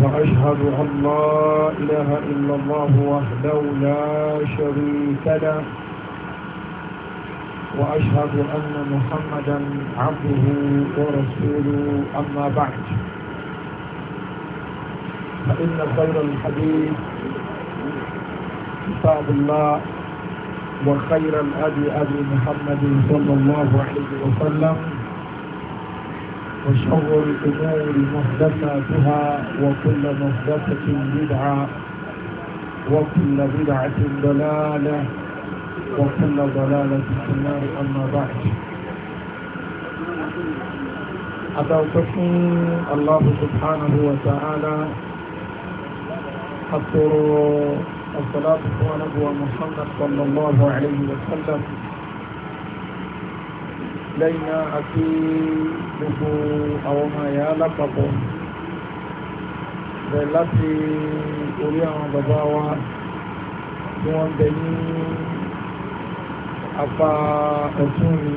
وأشهد أن لا إله إلا الله وحده لا شريك له وأشهد أن محمدا عبده ورسوله أما بعد فإن خير الحديث كتاب الله وخير الأبي أبي محمد صلى الله عليه وسلم وشر الأمور محدثاتها وكل محدثة بدعة وكل بدعة ضلالة وكل ضلالة في النار أما بعد أتوقفني الله سبحانه وتعالى أطر الصلاة على محمد صلى الله عليه وسلم lẹ́yìn náà àti gbogbo àwọn ọmọ ẹ̀yà lápapọ̀ bẹ̀ láti orí àwọn bàbá wa tí wọ́n bẹ ní apá ọ̀tún mi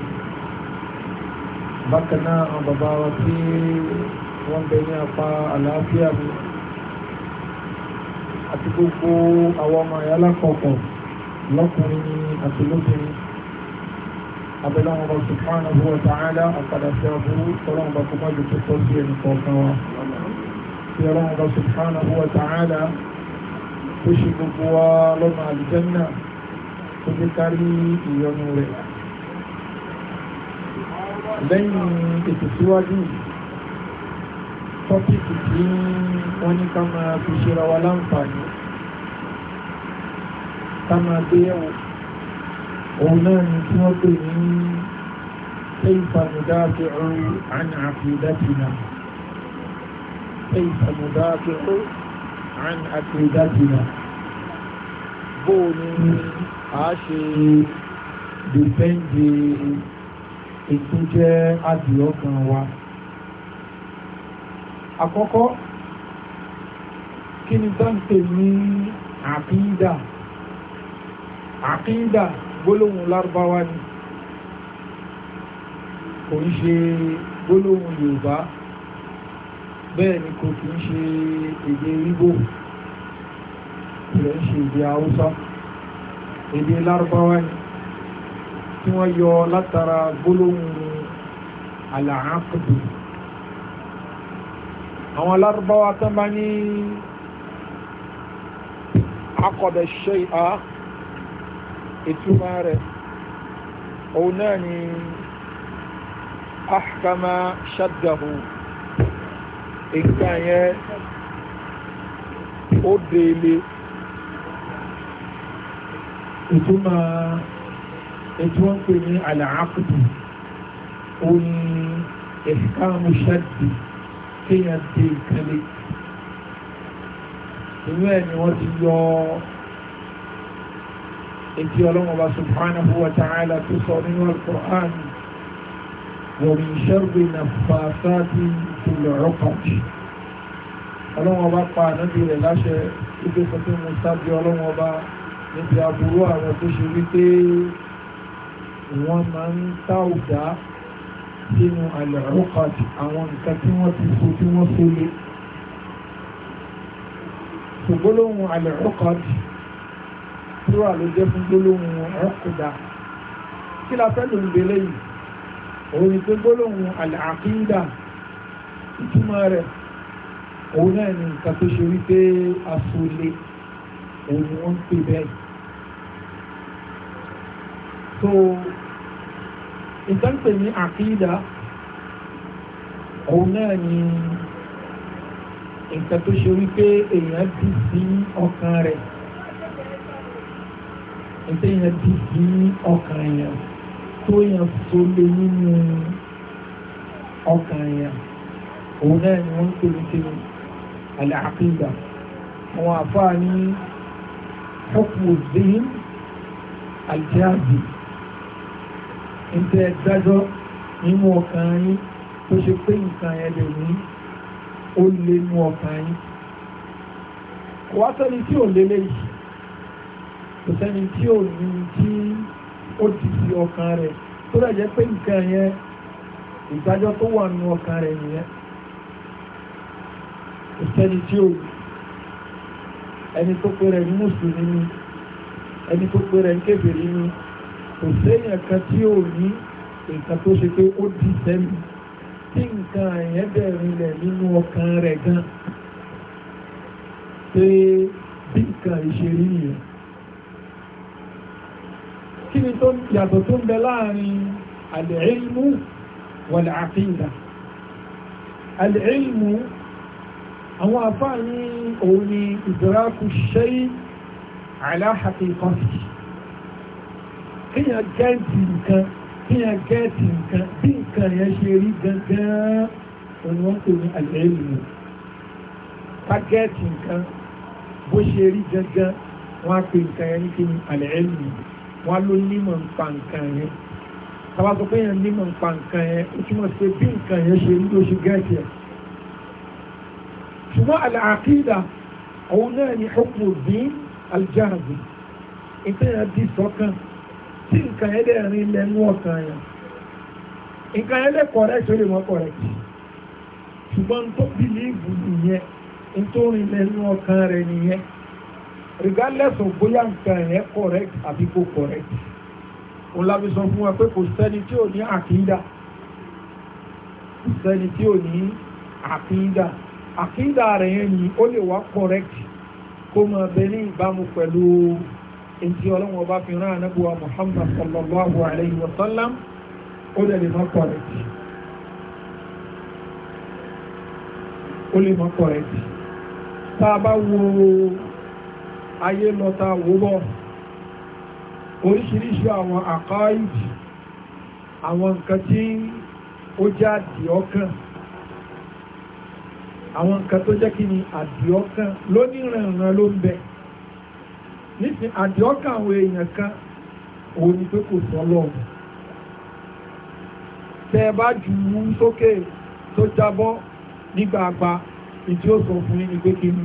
bákan náà àwọn bàbá wa tí wọ́n bẹ ní apá àlàáfíà mi àti gbogbo àwọn ọmọ ẹ̀yà lápapọ̀ lọ́kùnrin àti lóbìnrin abẹ́lẹ́ wọn bá subhanahu wa ta'ala àpàdà sí àbúrú ọlọ́run bá kó má ju tó tọ́ sí ẹnì kọ̀ọ̀kan wa sí ọlọ́run bá subhanahu wa ta'ala tó ṣe gbogbo wa lọ́nà àlùjànnà tó fi kárí ìyọnu rẹ̀ lẹ́yìn ètò tọ́pìkì tí wọ́n ní ká máa fi ṣe ra wa láǹfààní ká máa gbé yẹ̀wò òun náà ni tí wọ́n pè ní kayfa nudafi'u an aqidatina kayfa nudafi'u an aqidatina bóò ni a ṣe dìpẹ́ǹdì ètò gbólóhùn lárúbáwá ni kò ń ṣe gbólóhùn yorùbá bẹ́ẹ̀ ni kò kí ń ṣe èdè Ìgbò kò ń ṣe èdè haúsá èdè lárúbáwá ni tí wọ́n yọ látara gbólóhùn àlàáfíì àwọn lárúbáwá tán bá ní akọ̀dẹ̀ ìhà ìtumá rẹ̀ òun náà ni ahkama shaddahu nǹkan yẹn ó délé ìtumá ètò wọn pè ní àlàákùtù òun ìhkamu shaddi kéèyàn dé ìkẹlẹ ìlú ẹ̀ ni wọ́n ti yọ ọ́ ètí ọlọ́mọba subhanahu wa ta'ala tó sọ nínú al-Qur'an wa min sharri naffasati fil 'uqad ọlọ́mọba pa ànábì rẹ̀ láṣẹ ibi pẹ̀lú musa bí ọlọ́mọba níbi aburú àwọn tó ṣe wípé wọ́n máa ń tá òdá sínú al-'uqad àwọn nǹkan tí wọ́n ti so tí wọ́n so lé ṣùgbọ́n lóhun al-'uqad àdúrà ló jẹ́ fún gbólóhùn ọ̀kùdà kí la fẹ́ ló ń belé yìí òun ni pé gbólóhùn àlàkídà ìtumọ̀ rẹ̀ òun náà ni nǹkan tó ṣe wípé asolé òun ni wọ́n pè bẹ́ẹ̀ so ìtàn pè ní àkídà òun náà ni nǹkan tó ṣe wípé èèyàn dì sí ọkàn rẹ̀ ẹ̀tẹ́ yẹn ti di ọkàn yẹn tó yẹn tó lé nínú ọkàn yẹn òun náà ni wọ́n ń pè ní al-aqida àwọn àfáà ní hukmu zihin al-jazi dájọ́ nínú ọkàn yín tó ṣe pé nǹkan yẹn lè ní ó lé nínú ọkàn yín wọ́n sọ ní tí ò lélẹ́yìí kò sẹ́ni tí ò ní tí ó ti fi ọkàn rẹ̀ tó dẹ̀ jẹ́ pé nǹkan yẹn ìdájọ́ tó wà nínú ọkàn rẹ̀ nìyẹn kò sẹ́ni tí ò ẹni tó pé rẹ̀ ní mùsùlùmí ni ẹni tó pé rẹ̀ ń kébèrè ni kò sẹ́yìn kan tí ò ní nǹkan tó ṣe pé ó di sẹ́mi tí nǹkan yẹn bẹ̀rẹ̀ lẹ̀ nínú ọkàn rẹ̀ gan pé bí nǹkan ìṣeré nìyẹn kí ni tó yàtọ̀ tó ń bẹ láàrin al-ilmu wal-aqida al-ilmu àwọn àfáàní òun ni idraku shay' ala haqiqatihi kíyàn gẹ́ẹ̀tì nǹkan kíyàn gẹ́ẹ̀tì nǹkan bí nǹkan yẹn ṣe rí gangan òun wọ́n pè ní al wọn ló nímọ̀ nípa nǹkan yẹn tàbá sọ pé yẹn nímọ̀ nípa nǹkan yẹn ó túmọ̀ sí bí nǹkan yẹn ṣe ní oṣù gẹ́ẹ̀tì ẹ̀ ṣùgbọ́n àlàáfíìdà òun náà ni ọkùnrin bíi aljáàbì ìpínyà di sọ́kàn tí nǹkan yẹn dẹ̀ rin lẹ́nu ọ̀kan yẹn nǹkan yẹn dẹ̀ kọ̀rẹ́tì ó lè mọ́ kọ̀rẹ́tì ṣùgbọ́n tó bìlíìfù nìyẹn nítorí lẹ́nu ọ̀kan rẹ̀ nìyẹn regardless of bóyá nǹkan ẹ̀ correct àbí kò correct òun lábí sọ fún wa pé kò sẹ́ni tí ò ní àkídà kò sẹ́ni tí ò ní àkídà àkídà rẹ̀ yẹn ni ó lè wá correct kó mọ bẹ ní ìbámu pẹ̀lú ètí ọlọ́run ọba fi rán anábùwà Muhammad sallallahu alayhi wa sallam ó lè lè má correct ó lè má correct tá a bá wo ayé lọ́ta wúbọ̀ oríṣiríṣi àwọn àkáìdì àwọn nǹkan tí ó jẹ́ àdìọ́kàn àwọn nǹkan tó jẹ́ kí ni àdìọ́kàn lóníranran ló ń bẹ nísìn àdìọ́kàn àwọn èèyàn kan òun ni pé kò sọ lọ́wọ́ tẹ́ ẹ bá jù ú sókè tó jábọ́ nígbàgbà ìdí ó sọ fún yín ni pé kí ni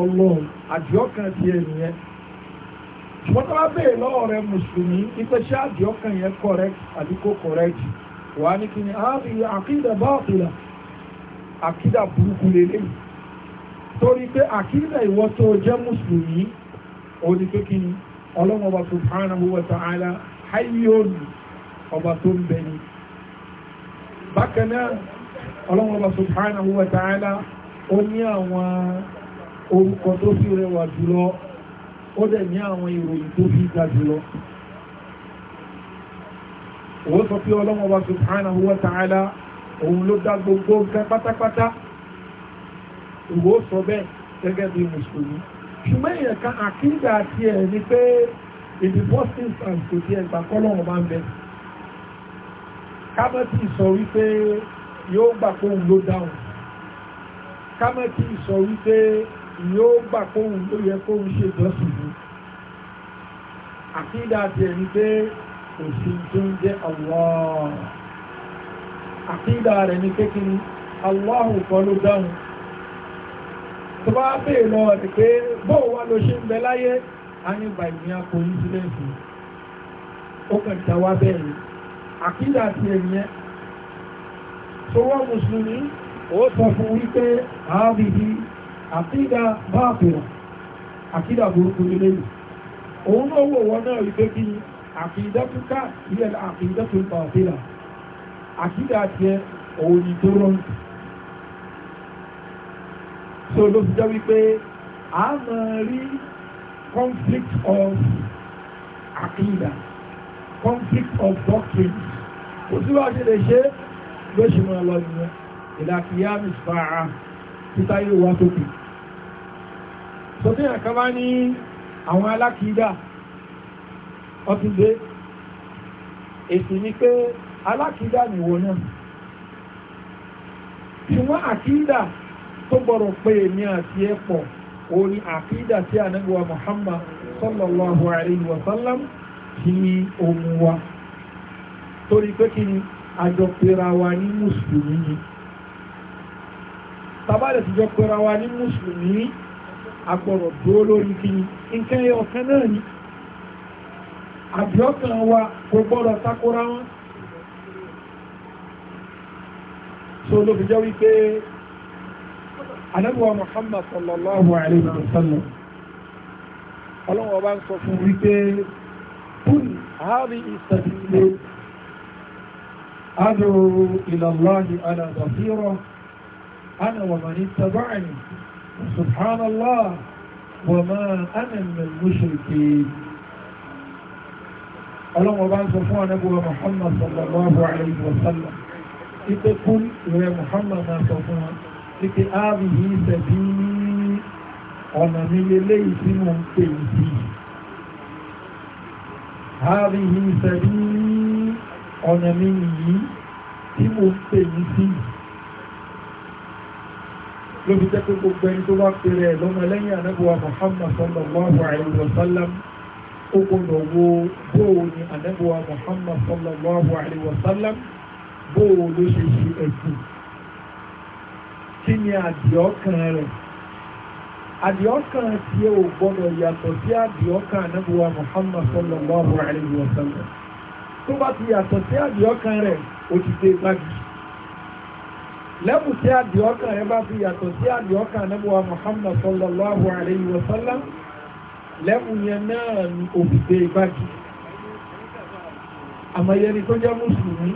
ọlọ́run àdìọ́kàn ti ẹ̀ nìyẹn ṣùgbọ́n tó bá béèrè lọ́wọ́ rẹ mùsùlùmí ipe ṣé àdìọ́kàn yẹn correct àbí kò correct wà á ní kí ni àbí àkídà báàtìlà àkídà burúkú lélẹ́yìn torí pé àkídà ìwọ tó jẹ́ mùsùlùmí ó ní pé kí ni ọlọ́run ọba subhanahu wa ta'ala ọba tó ń bẹ ni bákan náà ọba ó ní àwọn. orúkọ tó fi rẹwà jùlọ ó dẹ̀ ní àwọn ìròyìn tó fi ga jùlọ owó sọ pé ọlọ́wọ́ wa subhanahu wa ta'ala òun ló dá gbogbo nǹkan pátápátá ìwò sọ bẹ́ẹ̀ gẹ́gẹ́ bí mùsùlùmí ṣùgbọ́n èèyàn kan àkíńdà àti ẹ̀ ni pé ibi boston and kò tiẹ̀ gbà kọ́lọ́wọ́ máa ń bẹ kámẹ́tì sọ wípé yóò gbà pé òun ló dáhùn kámẹ́tì sọ wípé yóò gbà kóhun ló yẹ kóhun ṣe jọ́sìn ní àkídà àti ẹni pé kò tó ń jẹ́ Allah àkídà rẹ̀ ní pé kí Allah kan ló dáhùn tó bá bèè lọ rẹ̀ pé bóò wá ló ṣe ń bẹ láyé a ní bàìmí akọ ìsílẹ̀sì ó kàn tà wá bẹ́ẹ̀ ni àkídà àti ẹ̀yẹn tó wọ́n mùsùlùmí ó àkídà báàbìrà àkídà burúkú nílé yìí òun náà wò wọn náà ìgbé bí àkídà tó ká ilẹ̀ àkídà tó báàbìrà àkídà jẹ òun ní tó rọrùn so ló fi jẹ́ wípé a máa rí conflict of àkídà conflict of doctrine kò sí wàá ṣe lè ṣe lóṣù máa lọ nìyẹn ìlàkìyà mìsàá títà yóò wá sókè sọtíyàn kan bá ní àwọn alákìídà ọtúndé èsì ni pé alákìídà nìwọ náà tí wọ́n àkìídà tó gbọ́dọ̀ pé èmi àti ẹ̀ pọ̀ òun ni àkìídà tí ànábì wa Muhammad sallallahu alayhi wa sallam kí ohun wa torí pé kí ni àjọpẹ̀ra wa ní mùsùlùmí yìí tàbálẹ̀ ti jọ pẹ̀ra wa ní mùsùlùmí agbọ̀rọ̀ dúró lórí kíni nǹkan ẹyọ ọ̀kan náà ni àbíọ́kàn wa kò gbọ́dọ̀ takora wọn so ló fi jẹ́ wípé anábíwá Muhammad sallallahu alayhi wa sallam ọlọ́wọ́ bá ń أنا ومن اتبعني سبحان الله وما أنا من المشركين اللهم بارك فوق نبوة محمد صلى الله عليه وسلم إذا إتقل يا محمد ما صفونا إتي هذه سبيلي ọ̀nà mi lélẹ́ tí mo ń هذه سبيلي ọ̀nà mi nìyí tí mo ló fi jẹ́ pé gbogbo ẹni tó bá pèrè ẹ̀ lọ́mọ lẹ́yìn ànábùwà Muhammad sallallahu alayhi wa sallam ó gbọ́dọ̀ wo bóò ni ànábùwà Muhammad sallallahu alayhi wa sallam bóò ló ṣe ṣe ẹ̀sìn kí ni àdìọ́kàn rẹ̀ àdìọ́kàn tí ó gbọ́dọ̀ yàtọ̀ sí àdìọ́kàn ànábùwà Muhammad sallallahu alayhi wa tó bá ti yàtọ̀ sí àdìọ́kàn rẹ̀ ó ti dé gbági lẹ́bù tí àdì ọkàn rẹ bá fi yàtọ̀ sí àdì ọkàn anábọ̀wá Muhammad sallallahu alayhi wa sallam lẹ́bù yẹn náà ni òbíde ìbájú àmọ̀yẹni tó jẹ́ mùsùlùmí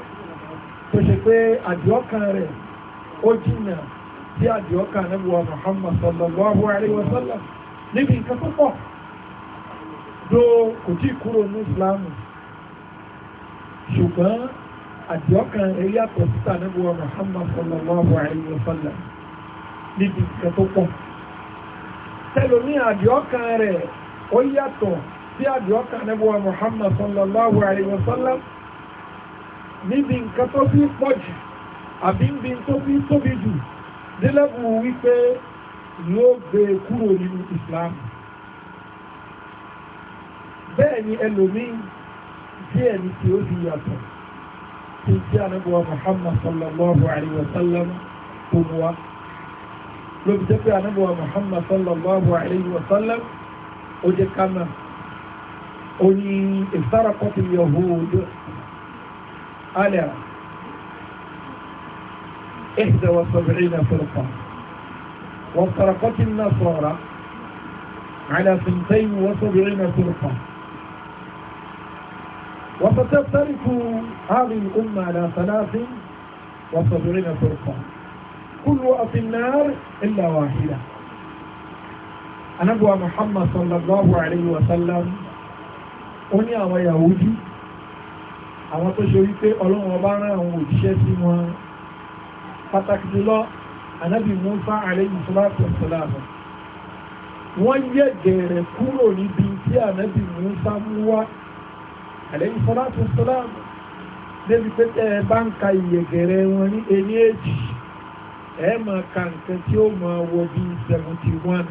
tó ṣe pé àdì ọkàn rẹ ó jìnnà sí àdì ọkàn anábọ̀wá Muhammad sallallahu alayhi wa sallam níbi nǹkan tó pọ̀ do kò tí kúrò ní Islam ṣùgbọ́n àdìọ́kàn rẹ̀ yàtọ̀ síta níbi wa Muhammad sallallahu alayhi wa sallam níbi nǹkan tó pọ̀ tẹlomi àdìọ́kàn rẹ̀ ó yàtọ̀ sí àdìọ́kàn níbi wa Muhammad sallallahu alayhi wa sallam níbi nǹkan tó fi pọ̀ jù àbí níbi tóbi jù délẹ́bù wípé yóò gbé kúrò nínú Islam bẹ́ẹ̀ ni ẹlòmíì díẹ̀ ni tí ó di yàtọ̀ àti tí ànábùwà Muhammad sallallahu alayhi wa sallam tó mú wa ló fi jẹ́ pé ànábùwà Muhammad sallallahu alayhi wa sallam ó jẹ́ kánà ó ní ìsárakọ́tì yahud alẹ́ إحدى وسبعين فرقة وافترقت النصارى على ثنتين وسبعين فرقة وستفترق هذه الأمة على ثلاث وسبعين فرقة كلها في النار إلا واحدة anabuwa muhammad sallallahu alayhi wa sallam ó ní àwọn yahudi àwọn tó ṣe wípé ọlọ́run ọba rán àwọn òjíṣẹ́ sí wọn pàtàkì jùlọ anabi musa alayhi salatu wa salam wọ́n yẹ gẹ̀rẹ̀ kúrò níbi tí anabi musa mú wá àlẹ́yìn sọ́látù sọ́lámù débi pé tẹ́ ẹ bá ń ka ìyẹ̀gẹ̀rẹ̀ wọn ní ẹni èjì ẹ máa ka nǹkan tí ó máa wọ bí seventy one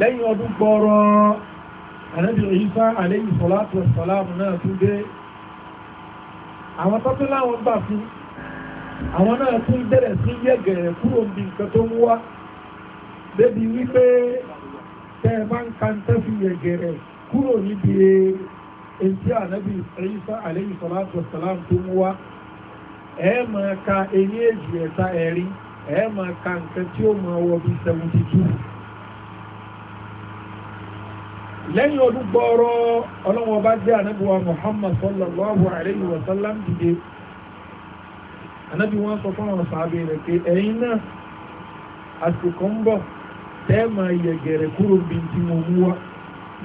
lẹ́yìn ọdún gbọ́rọ̀ ànábì Ìsá àlẹ́yìn sọ́látù sọ́lámù náà tún dé àwọn tọ́tún láwọn gbà fún àwọn náà tún bẹ̀rẹ̀ sí yẹ̀gẹ̀rẹ̀ kúrò bí nǹkan tó ń wá débi wípé tẹ́ ẹ bá ń ka nǹkan fi yẹ̀gẹ̀rẹ̀ kúrò níbi etí ànábì Ìsá alayhi salatu wa salam tó mú wá ẹ máa ka eyín èjì ẹ̀ta ẹ̀rí ẹ máa ka nǹkan tí ó máa wọ bí seventy two lẹ́yìn ọdún gbọ́ọ̀rọ̀ ọlọ́wọ́ bá jẹ́ anábíwá muhammad sallallahu alayhi wa sallam dìde anábí wọn sọ fún àwọn sàábẹ̀ rẹ̀ pé ẹ̀yin náà àsìkò ń bọ̀ tẹ́ẹ̀mà yẹ̀gẹ̀rẹ̀ kúrò bí ti mo mú wa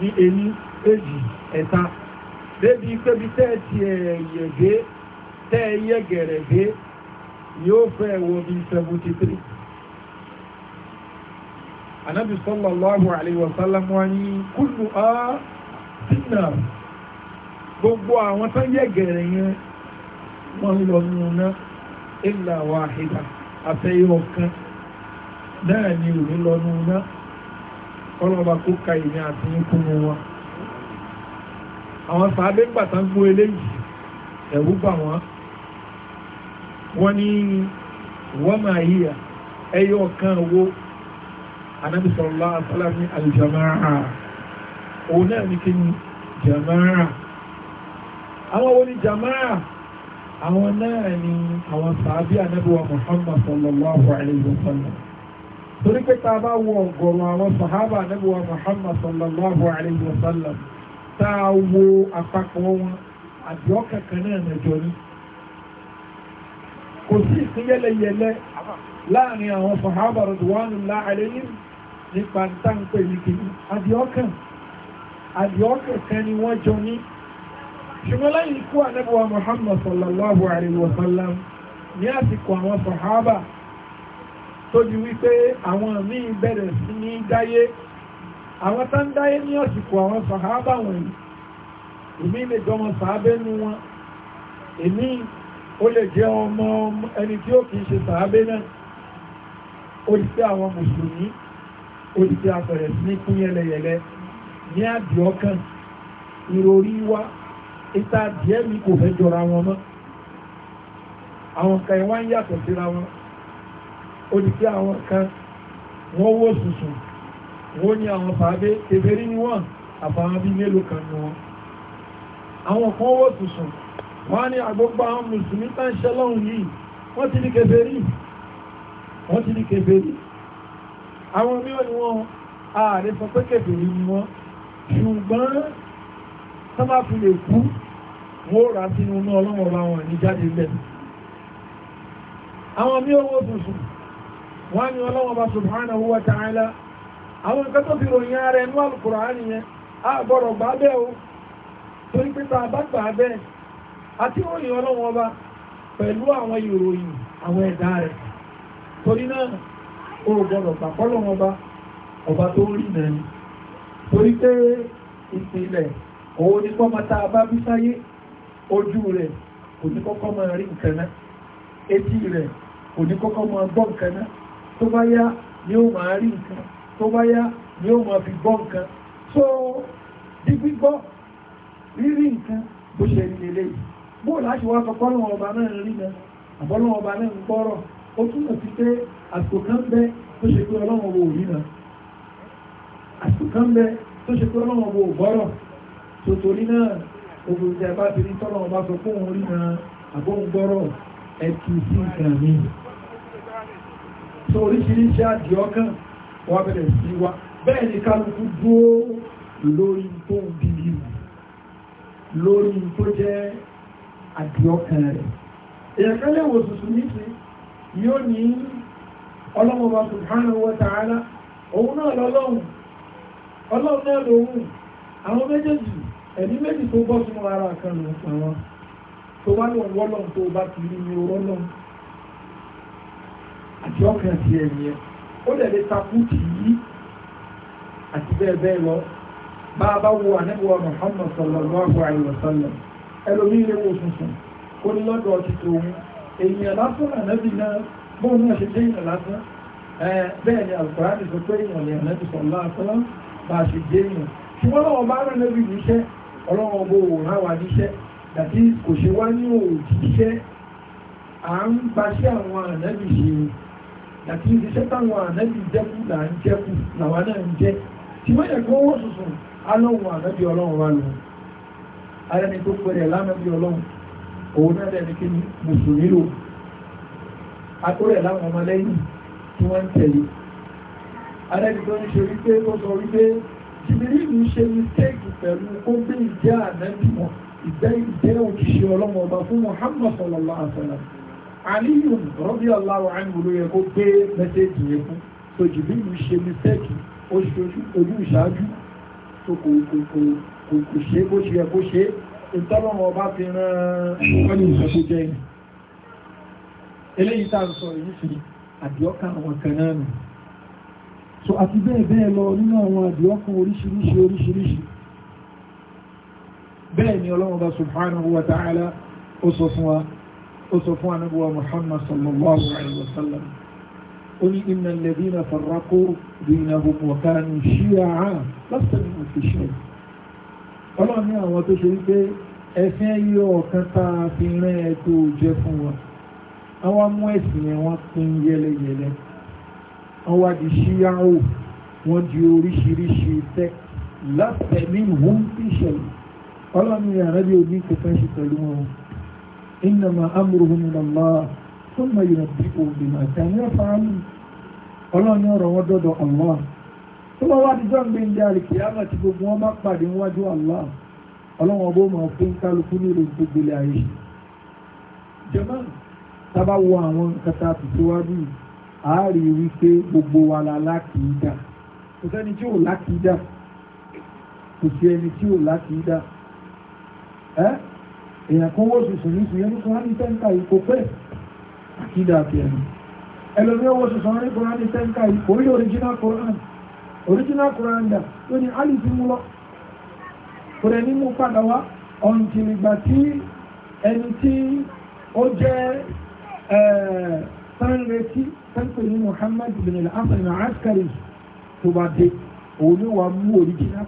ní ení èjì ẹ̀ta débi pébi tẹ́ẹ̀tì ẹ̀yẹ̀dé tẹ́ẹ̀yẹ gẹ̀rẹ̀dé yóò fẹ́ wọ bí 73 anábì sallallahu alaihi wasallam wọ́n ní kúlù á sínà gbogbo àwọn tán yẹ gẹ̀rẹ̀ yẹn wọ́n lọ nùnà illa wahida àfẹ́yọ̀ kan náà ni òní lọ nùnà ọlọ́ba kó ka ìní àti ikú mu wọn àwọn sàábé gbàtà ń gbó eléyìí ẹ̀rú bà wọ́n wọ́n ní wọ́n máa yíyà ẹyọ kan wo anábì sallallahu alaihi wasallam ní aljamaa òun náà ní kí ni jamaa àwọn wo ni jamaa àwọn náà ni àwọn sàábé anábì wa Muhammad sallallahu alaihi wasallam torí pé tá a bá wo ọ̀gọ̀rọ̀ àwọn sàhábà Ànábì wa Muhammad sallallahu alayhi wa sallam tá a wo àpapọ̀ wọn àdìọ́ kankan náà mẹ́jọ ni kò sí ìpínyẹlẹyẹlẹ láàrin àwọn sàhábà radwanullahi alayhim nípa táǹpẹ̀ yìí kìíní àdìọ́kàn àdìọ́kàn kan ni wọ́n jọ ní ṣùgbọ́n lẹ́yìn ikú àwọn sàhábà tó ju wípé àwọn míì bẹ̀rẹ̀ sí ní dáyé àwọn tá ń dáyé ní àsìkò àwọn sàhábà wọ̀nyí èmi lè jẹ́ ọmọ sàábẹ́ nu wọn èmi ó lè jẹ́ ọmọ ẹni tí ó kìí ṣe sàábẹ́ náà ó di pé àwọn mùsùlùmí ó di pé abẹ̀rẹ̀ sí ní kún yẹlẹyẹlẹ ní àdì ọkàn ìròrí wa ìta díẹ̀ mi kò fẹ́ jọra wọn mọ́ àwọn kan ń yàtọ̀ síra wọn ó di pé àwọn kan wọ́n wó sùsùn wọ́n ní àwọn fàábé tèbérí ni wọ́n àfàwọn bí mélòó kan ní wọn àwọn kan wó sùsùn wọ́n ní àgbógbà àwọn mùsùlùmí tán ṣẹ́ lọ́hùn yìí wọ́n ti ní kèfèrí wọ́n ti ní kèfèrí àwọn mí ní wọ́n ààrẹ sọ pé kèfèrí ni wọ́n ṣùgbọ́n tán bá fi lè kú wọ́n rà sínú náà ọlọ́wọ́ wọn ní jáde bẹ́ẹ̀ àwọn mí owó tuntun wọ́n ní ọlọ́wọ́ bá subhanahu wa ta'ala àwọn nǹkan tó fi ròyìn ara ẹnu al-Qur'ani a gbà bẹ́ o torí pé tá a bá àti ròyìn ọlọ́wọ́ bá pẹ̀lú àwọn ìròyìn àwọn ẹ̀dá rẹ̀ torí náà ó bá tó bá yá ni ó máa rí nǹkan tó bá yá ni ó máa fi gbọ́ nǹkan tó di gbígbọ́ rírí nǹkan bó ṣe rí lélẹ́yìí bó láti wá kọ́kọ́ lọ́wọ́ ọba náà rí náà àbọ́lọ́wọ́ ọba náà ń gbọ́rọ̀ ó túnmọ̀ sí pé àsìkò kan bẹ tó ṣe pé ọlọ́wọ́ owó rí náà àsìkò kan bẹ ogun ìjẹba ti rí tọ́lọ́wọ́ bá sọ fóun rí náà àbóhun gbọ́rọ̀ ẹ̀kì sí nǹkan tó oríṣiríṣi àdìọ́kàn wà bẹ̀rẹ̀ sí wa bẹ́ẹ̀ ni kálukú dúó lórí tó ń bíbí lórí tó jẹ́ àdìọ́kàn rẹ̀ èèyàn kan lè wo tuntun yóò ní ọlọ́mọba náà ara kan àti ọkàn ti ẹ̀yìn ẹ̀ ó lè lè takú tì í àti bẹ́ẹ̀ bẹ́ẹ̀ lọ bá a bá wo ànábìwá Muhammad sallallahu alaihi wasallam ẹlòmí ilé wo funfun ó ní lọ́dọ̀ ti tòun èèyàn lásán ànábì náà bóun náà ṣe jẹ́ èèyàn lásán bẹ́ẹ̀ ni àlùkòrán ti sọ pé èèyàn ni ànábì sallallahu alaihi bá a ṣe jẹ́ èèyàn ṣùgbọ́n lọ́wọ́ bá rán lẹ́bí níṣẹ́ ọlọ́wọ́ bó rán wa níṣẹ́ dàbí kò ṣe wá ní òòjì iṣẹ́ à ń gbaṣẹ́ àwọn ànábì ṣe àti iṣẹ́ táwọn ànábì jẹ́kù là ń jẹ́kù làwọn náà ń jẹ́ tí wọ́n yẹ kó wọ́n sùsùn alóhun ànábì ọlọ́run wa lò ara ẹni tó pẹ̀rẹ̀ lánàbì ọlọ́run òun náà dẹ̀ ní kí ni mùsùlùmí lò akórẹ̀ láwọn ọmọ lẹ́yìn tí wọ́n ń tẹ̀lé ara ẹni tó ń ṣe wípé tó sọ wípé jìbìrìlù ṣe mistake pẹ̀lú ó gbé ìjẹ́ ànábì wọn Muhammad sallallahu alaihi wa sallam àníyàn rọ́bí aláwọ̀ àìmúlò yẹ kó gbé mẹ́sẹ̀jì yẹn fún so jìbìlù ṣe mistake ojú ìṣáájú so kò ṣe bó ṣe yẹ kó ṣe ìtọ́lọ́wọ́ bá fi rán ọ̀pọ̀lù ìṣàkó jẹ́ yìí eléyìí tá à ń sọ èyí fi àdìọ́kà àwọn kan náà nù so àti bẹ́ẹ̀ bẹ́ẹ̀ lọ nínú àwọn àdìọ́kà oríṣiríṣi oríṣiríṣi bẹ́ẹ̀ ni ọlọ́wọ́ bá subhanahu wa ta'ala ó sọ fún wa ó sọ fún anábíwá muhammad sallallahu alayhi wa sallam ó ní inna alladhina farraqu dinahum wa kanu shi'a lọ́sẹ̀ ní òṣìṣẹ́ ọlọ́run ní àwọn tó ṣe wípé ẹ̀sìn ẹyọ ọ̀kan tá a fi rán ẹ tó jẹ́ fún wa àwọn mú ẹ̀sìn yẹn wọ́n pín yẹlẹyẹlẹ wọ́n wá di ò wọ́n di oríṣiríṣi tẹ́ lọ́sẹ̀ ní ìhùn tíṣẹ̀lẹ̀ ọlọ́run ní àrẹ́bí òní kẹfẹ́ ṣe pẹ̀lú wọn إنما أمرهم من الله ثم بما allah tó bá wá di john gbẹ̀ndé alikiyama tí gbogbo wọn bá pàdé níwájú allah ọlọ́run ọbọ̀ máa fún kálukú ní ìròyìn tó gbélé ayé jẹ́mọ́ tábà gbogbo wa la lákìídà kò sẹ́ni tí ò kò sí ẹni tí ò ẹ́ èèyàn kan wó sùsùn ní sùn yẹnu kúránì tẹ́ǹkà ìkó pẹ́ àkídà àti ẹ̀mí ẹlòmí owó sùsùn ní kúránì tẹ́ǹkà ìkó orí original Quran original Quran dà ó ní alì ti mú lọ kò rẹ̀ ní mú padà wá ọ̀njìrì tí ẹni tí ó jẹ́ tẹ́ǹkà ní Muhammad bin al askari tó bá dé òun ni wàá mú original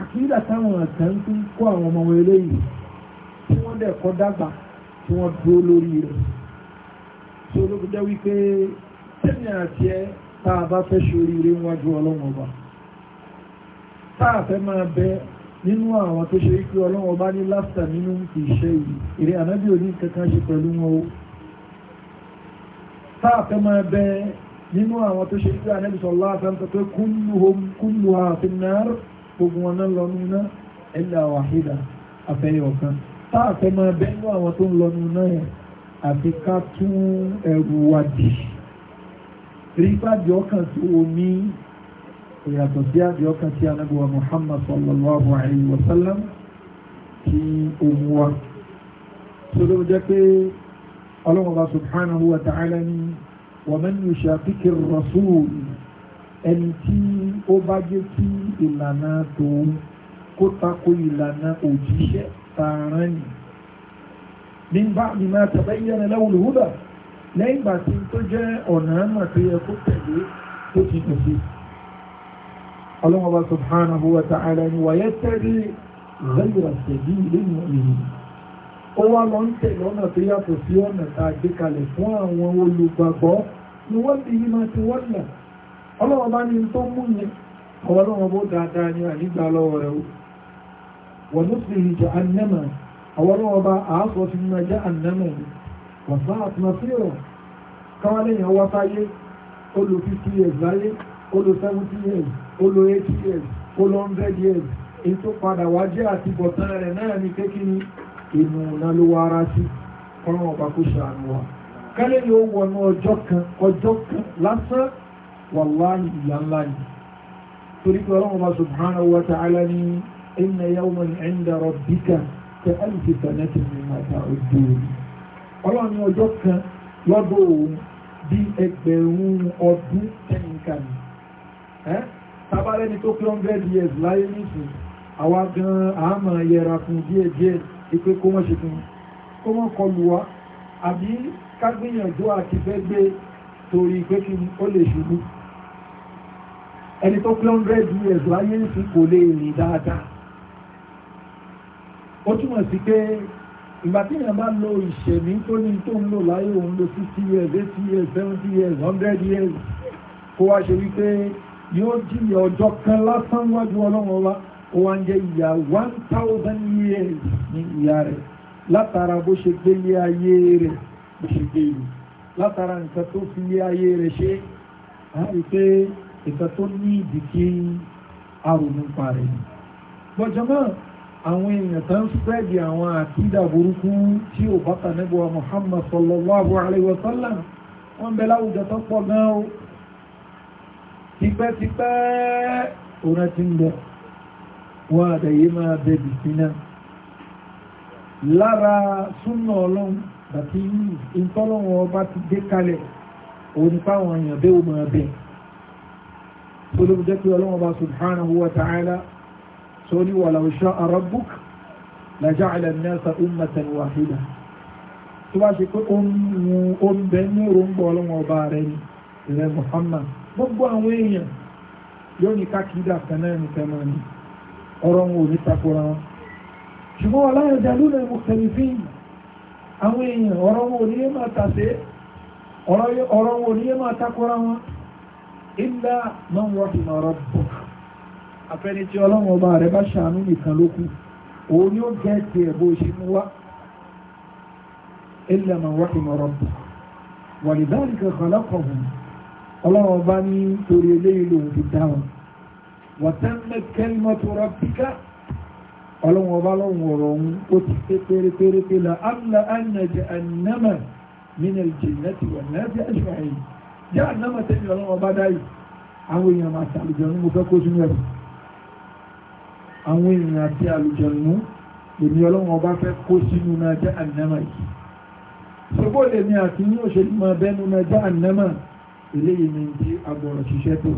àkídà táwọn kó àwọn ọmọ wọn eléyìí tí wọ́n dẹ̀ kọ́ dàgbà tí wọ́n dúró lórí rẹ̀ tó ló fi jẹ́ wípé tẹ́mi àti ẹ tá a bá fẹ́ ṣoríire níwájú ọlọ́run ọba tá a fẹ́ máa bẹ nínú àwọn tó ṣe wípé ọlọ́run ọba ní láfíà nínú ìṣe yìí èrè ànábì òní kankan ṣe pẹ̀lú wọn o tá a fẹ́ máa bẹ nínú àwọn tó ṣe wípé ànábì sọ̀lá àfẹ́ǹtà pé kulluhum kulluha fin gbogbo wọn náà lọ nínú náà illa wahida táàfẹ́ máa bẹ́nu àwọn tó ń lọnu náà àti ká tún ẹrù wa dì rí gbàdí ọkàn tí omi ìyàtọ̀ sí àdí ọkàn tí anábíwá Muhammad sallallahu alayhi wa sallam ti ohun wa tó ló jẹ́ pé ọlọ́mọba subhanahu wa ta'ala ni wa man yushaqiqir rasul ẹni tí ó bá jẹ́ kí ìlànà tó kó tako ìlànà òjíṣẹ́ tààrán ni ní bá mi máa tàbí yẹn lẹ́wọ̀lù húdà lẹ́yìn ìgbà tí tó jẹ́ ọ̀nà àmà tó yẹ kó tẹ̀lé tó ti tò sí ọlọ́mọba subhanahu wa ta'ala ni wàyẹ tẹ́rí lẹ́yìnrà tẹ̀lé lẹ́yìn òyìn ó wá lọ ń tẹ̀lé ọ̀nà tó yàtọ̀ sí ọ̀nà tá gbé kalẹ̀ fún àwọn olùgbàgbọ́ ni wọ́n lè yí máa ti wọ́n lẹ̀ ọlọ́mọba ni tó mú yẹn ọlọ́mọba ó dáadáa ni ànígbà lọ́wọ́ rẹ̀ ó wọ́n ní fi jẹ́ anẹ́mà àwọn ọba àásọ̀ fi máa jẹ́ anẹ́mà ni wọ́n sá àtúnṣírò káwọn lẹ́yìn ọwọ́ sáyé ó lo fifty years láyé ó lo seventy years ó lo eighty years ó lo hundred years èyí tó padà wá jẹ́ àtibọ̀tán rẹ̀ náà ní kékeré inú náà ló wá ara sí ọlọ́run ọba kó ṣàánú wa kálẹ̀ yóò wọnú ọjọ́ kan ọjọ́ kan lásán wàláhì ìyá ńlá yìí torí pé ọlọ́run ọba subhanahu wa ta'ala ní inna yawman عند ربك ka alfi sanatin mimma ta'uddun ọlọ́run ní ọjọ́ kan lọ́dọ̀ òun bí ẹgbẹ̀rún ọdún tẹ̀yìnkàn ẹ́ tabalẹ́ni tó pé hundred years láyé nìsín àwa gan àmọ́ yẹra fún díẹ̀ díẹ̀ ìpè kó wọ́n ṣe fún un kó wọ́n kọlù wa àbí kágbìyànjú àti fẹ́ torí pé kí ó lè ṣubú ẹni tó pé hundred years láyé nìsín kò lè rìn dáadáa ó túmọ̀ sí pé ìgbà tí èèyàn bá lo ìṣẹ̀mí tó ní tó ń lò láyé òun lo fifty years eighty years seventy years hundred years kó wá ṣe wípé yóò jìyà ọjọ́ kan lásán wájú ọlọ́run ọba ó wá ń jẹ ìyà one thousand years ní ìyà rẹ̀ látara bó ṣe gbélé ayé rẹ̀ bó ṣe gbélé látara nǹkan tó fi lé ayé rẹ̀ ṣe á rí pé nǹkan tó ní ìdí kí arùn nípa ni. bọ́jọ́ náà àwọn èèyàn tó ń spread àwọn àkídà burúkú tí ò bá tànẹ́bọ̀ Muhammad sallallahu alayhi wa sallam wọ́n bẹ láwùjọ tó pọ̀ gan o tipẹ́tipẹ́ òun ti ń bẹ̀ wọ́n àdàyé máa bẹ̀bì sí náà lára súnà ọlọ́run àti ìtọ́lọ́run ọba ti dé kalẹ̀ òun táwọn èèyàn bẹ́ẹ̀ máa bẹ̀ torí walau sha'a rabbuk laja'ala an-nasa ummatan wahida tó bá ṣe pé ó ń bẹ ní òrùngbọ̀ ọlọ́wọ́n ọba rẹ ni ìrẹ́ Muhammad gbogbo àwọn èèyàn yóò ní kákìdá kan náà nìkan máa ní ọ̀rọ̀ wọn ò ní takora wọn ṣùgbọ́n wala yazaluna mukhtalifin àwọn èèyàn ọ̀rọ̀ wọn ò ní yé máa tàṣe ọ̀rọ̀ wọn ò ní yé máa takora wọn illa man rahima rabbuk àfẹ́ni tí ọlọ́run ọba rẹ̀ bá ṣàánú nìkan ló kù òun ni ó jẹ́ ti ẹ̀bọ òṣìmú wá ilẹ̀ mà wọ́n ti mọ̀rọ̀ wàlìdáàlì kankan lọ́kọ̀ọ̀hún ọlọ́run ọba ní torí eléyìí lòun fi dá wọn wàtẹ́mẹ́ kẹ́límọ́tò rọ píkà ọlọ́run ọba lọ́run ọ̀rọ̀ òun ó ti pé pérépérépé la amla anàjẹ anàmà nínú ìjìnlẹ́tì wà náà àṣọ àyè jẹ́ anàmà tẹ́lẹ̀ ọlọ́run ọba dá àwọn èèyàn máa ṣàlùjọ ní mo fẹ́ kó sínú ẹ̀rọ àwọn èèyàn àti àlùjọ̀nù lèmi ọlọ́run ọba fẹ́ kó sínú náà jẹ́ ànàmà yìí ṣogbó lèmi àti ní òṣèlú máa bẹ́nu náà jẹ́ ànàmà eléyìí ni ti agbọ̀rọ̀ ṣiṣẹ́ tó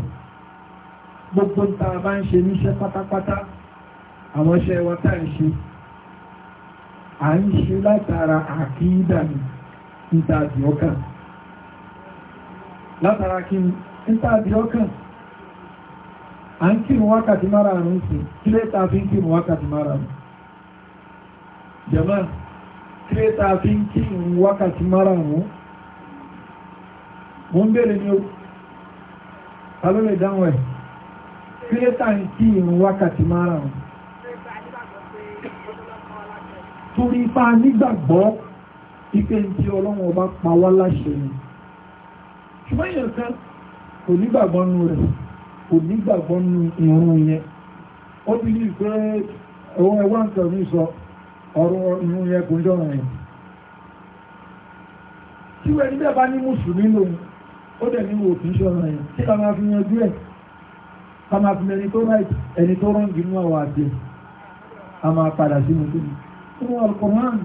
gbogbo ta bá ń ṣe níṣẹ́ pátápátá àwọn iṣẹ́ wa tá ń ṣe à ń ṣe látara àkídà ní ìta àdìọ́kàn látara kí ní ìta àdìọ́kàn à ń kírun wákàtí mara àrùn sí kílẹ̀tà fi ń kírun wákàtí mara àrùn jẹ́mọ́ kílẹ̀tà fi ń kírun wákàtí mara àrùn mo ń bèèrè ní o ta ló lè dáhùn ẹ̀ kílẹ̀tà ń kírun wákàtí mara àrùn torí ipa nígbàgbọ́ ipe tí ọlọ́run ọba pa wá láṣẹ ni ṣùgbọ́n èèyàn kan kò nígbàgbọ́ nù rẹ̀ kò nígbàgbọ́ nù ìrún yẹn ó bí pé ẹwà ń tẹ̀lú sọ ọ̀rọ̀ yẹn kò jọ rẹ̀ tí wẹ́n níbẹ̀ bá ní mùsùlùmí lòun ó dẹ̀ ní wò kìí ṣọ́ra tí ká máa fi ẹ̀ ká máa fi ẹni tó ẹni tó a máa padà sínú Al-Qur'an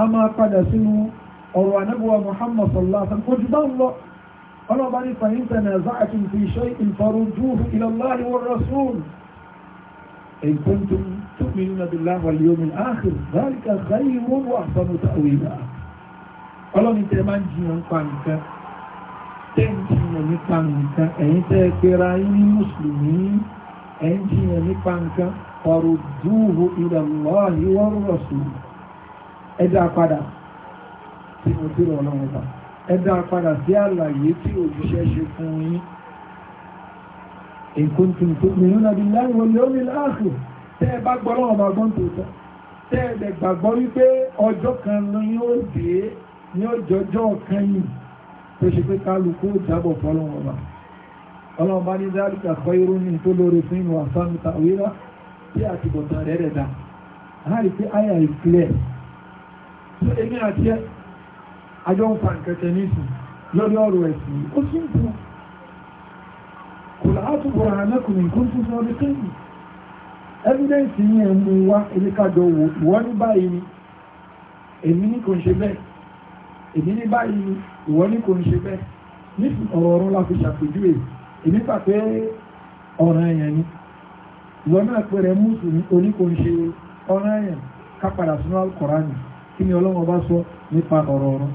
a máa padà sínú ọ̀rọ̀ anábọ̀wá sallallahu alaihi kò jù ọlọ́ba ní fàyín tanaza'tum fi shay'in farudduhu ila Allahi wa rasul in kuntum tu'minuna billahi wal yawmil akhir dhalika khayrun wa ahsanu ta'wila ọlọ́ni tẹ́ máa ń jiyàn pa nǹkan tẹ́ ń jiyàn nípa nǹkan ẹ̀yin tẹ́ pera yín ní mùsùlùmí ẹ̀ ń nípa nǹkan farudduhu ila Allahi rasul ẹ̀dá padà tí mo dúró ọlọ́run bá ẹ̀dá padà sí àlàyé tí òjíṣẹ́ ṣe fún yín nǹkan tó tó mìíràn nàbí láìwọ lórí láàfù tẹ́ ẹ bá gbọ́ lọ́wọ́ bá gbọ́n tó tọ́ tẹ́ ẹ dẹ̀ gbàgbọ́ wípé ọjọ́ kan ni ó dé ní ọjọ́jọ́ kan yìí tó ṣe pé kálukú jábọ̀ fọlọ́wọ́ bá ní dáríkà kọ́ irú ní tó lórí fún ìwà sánú tàwírà tí àtibọ̀tàn rẹ̀ rẹ̀ dá láì pé àyà ìfilẹ̀ tó èmi àti ẹ̀ àjọ ń fa nkẹtẹ nísì lórí ọ̀rọ̀ ẹ̀sìn ó sì ń bú kò láàtú bọ̀rọ̀ anákùnrin kó tún sọ ọdún kẹ́yìn evidence yìí ń mú wá elékàjọ wò ìwọ ní báyìí ni èmi ní kò ń ṣe bẹ́ẹ̀ èmi ní báyìí ni ìwọ ní kò ń ṣe bẹ́ẹ̀ ní ọ̀rọ̀ ọ̀run la fi ṣàpèjúwe èmi gbà pé ọ̀ràn ẹ̀yàn ni ìwọ náà pẹ̀rẹ̀ mùsùlùmí oníkò ń ṣe ọ̀ràn ẹ̀yàn ká padà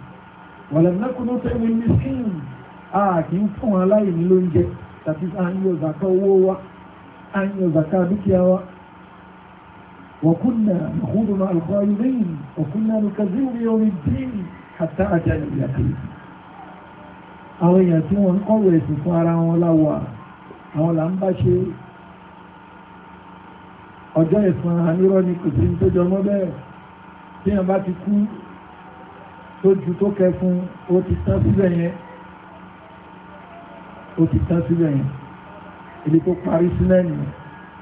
wàlẹ̀mẹ́kùnú tẹ́wé miskin a kì í fún aláìní lóúnjẹ tàbí àyìn ọ̀zàká owó wa àyìn ọ̀zàká dúkìá wa وكنا نخوض مع الخائضين وكنا نكذب بيوم الدين حتى أتانا اليقين àwọn èèyàn tí wọ́n ń kọ̀wé ẹ̀sìn fún ara wọn láwà àwọn là bẹ́ẹ̀ tí èèyàn bá ti kú tó ju tó kẹ fún ó ti tán síbẹ̀ yẹn ó ti tán síbẹ̀ yẹn ibi tó parí sílẹ̀ nìyẹn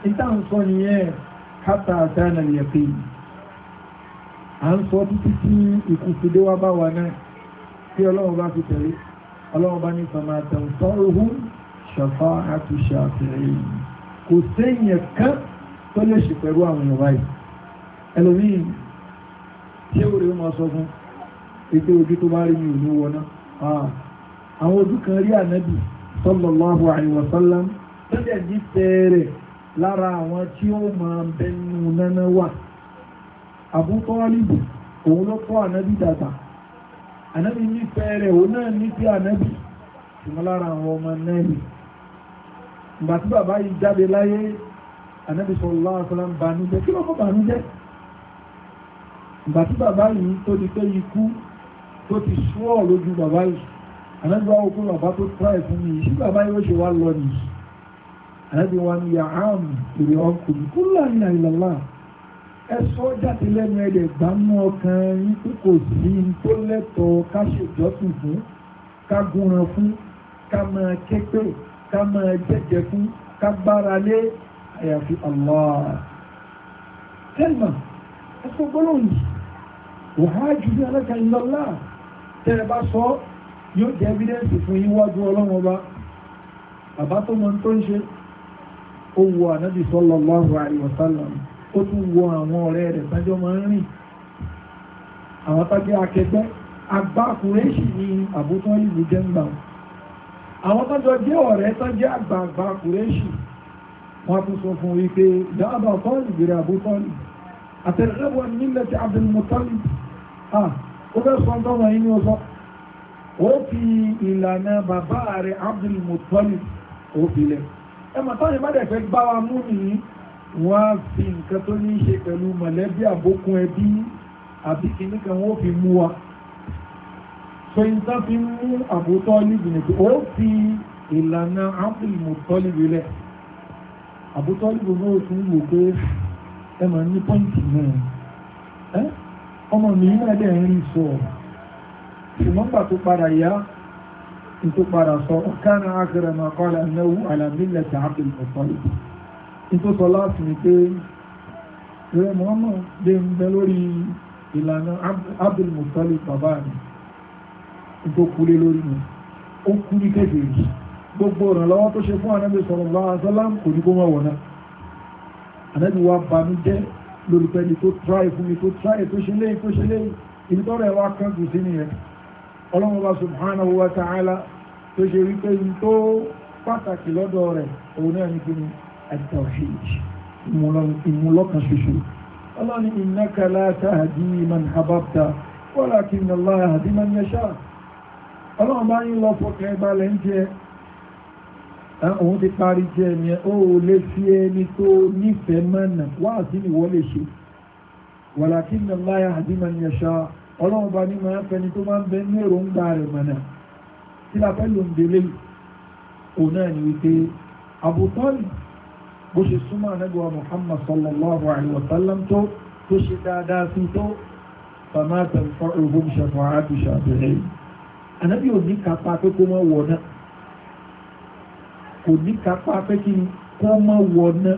níta ń sọ nìyẹn káta àtàrà lè pè yìí à ń sọ títí tí ikú fi dé wá bá wa náà tí ọlọ́run bá fi tẹ̀lé ọlọ́run bá ní sọmọ àtẹ̀wọ̀sọ́rọ̀hún ṣọ̀fọ́ àtúnṣe àfihàn kò séèyàn kan tó lè ṣe pẹ̀lú àwọn ìwà yìí ẹlòmíì tí ó rí ó sọ fún pípé ojú tó bá rí mi ìlú wọná ah, àwọn ojú kan rí ànábì sallallahu alaihi wasallam tó dẹ̀ ní tẹ́ẹ̀rẹ̀ lára àwọn tí ó máa bẹnu nánà wà Abu Talib òun ló kọ́ ànábì dàgbà ànábì ní tẹ́ẹ̀rẹ̀ òun náà ní sí ànábì ṣùgbọ́n tí bàbá yìí tó di pé ikú tó ti súwọ́ lójú bàbá yìí anábíwá okú bàbá tó tráì fún mi sí bàbá yóò ṣe wá lọ ní anábíwá ní ya ám èrè ọkùnrin kó láàrin àìlọ́lá ẹ sọ jáde lẹ́nu ẹ̀dẹ̀ gbámú ọkàn yín pé kò sí tó lẹ́tọ̀ọ́ ká ṣèjọ́sìn fún ká gúnran fún ká máa ké ká máa jẹ́jẹ́ fún ká gbára lé àyàfi Allah tẹ́lmà ẹ sọ gbọ́dọ̀ yìí wàhálà jù ní alága ìlọ́lá tẹ́ ẹ bá sọ yóò jẹ́ evidence fún yíwájú ọlọ́run ọba bàbá tó mọ tó ń ṣe ó wo ànábì sallallahu alaihi wasallam ó tún wo àwọn ọ̀rẹ́ rẹ̀ tájọ́ máa ń rìn àwọn tájọ́ akẹgbẹ́ agbákùrẹ́ṣì ni àbútọ́ ìlú jẹ́ ń gbà àwọn tájọ́ jẹ́ ọ̀rẹ́ tájọ́ àgbà agbákùrẹ́ṣì wọ́n tún sọ fún wípé dáàbà tọ́lì bèrè àbútọ́lì àtẹ̀lẹ́wọ̀n nílẹ̀ ti Abdul Muttalib ah, ó fẹ́ sọ tọ́mọ yìí ni ó sọ ó fi ìlànà bàbá rẹ̀ Abdul Muttalib ó fi lẹ̀ ẹ mọ̀ tọ́jú bá dẹ̀ fẹ́ gbá wa mú nìyí wọ́n á fi nǹkan tó ní í ṣe pẹ̀lú mọ̀lẹ́bí àbókùn ẹbí àbí kìíní kan wọ́n fi mú wa so n tán fi mú Abu Talib nìkan ó fi ìlànà Abdul Muttalib lẹ̀ Abu Talib náà tún wò pé ẹ máa ní pọ́ǹtì náà ọmọ mi náà dẹ̀ ń rí sọ ṣùgbọ́n gbà tó padà yá tó padà sọ ọ̀kánà ákẹrẹ máa kọ́lá náwó àlàmílẹ̀ tí Abdul Muttalib Abdul Muttalib bàbá mi tó kúlé lórí mi ó kú ní kéfèèrè gbogbo ìrànlọ́wọ́ tó ṣe fún anábì sallallahu alaihi wasallam kò ní kó mọ̀ wọ̀ná anábì wa bá mi jẹ́ lórí pẹ̀lú tó tráì fún mi tó tráì tó ṣe léyìn tó ṣe léyìn ìtọ́rọ̀ ẹ̀wà kan kù sí nìyẹn ọlọ́mọba subhanahu wa ta'ala tó ṣe rí pé tó pàtàkì lọ́dọ̀ rẹ̀ òun náà ní kíni at-tawhid ìmúlọ́kan ṣoṣo ọlọ́ni innaka la tahdi òun ti parí jẹ́ ẹni ó lè fi ẹni tó nífẹ̀ẹ́ mọ́nà wá sí ìwọ́ lè ṣe wàlàkí ní láyà àdímọ̀ ní ẹ̀ṣá ọlọ́run bá ní máa ń fẹni tó máa ń bẹ ní èròǹgbà rẹ̀ mọ̀nà tí la fẹ́ lò ń délé òun náà ni wípé Abu Talib bó ṣe súnmọ́ ànágbà Muhammad sallallahu alaihi wa tó tó ṣe dáadáa sí tó fama tẹ̀fọ́ ìhùn ṣẹ̀fọ́ àti ṣàbẹ̀rẹ̀ kò ní kápá pé kí ni kó mọ́ wọná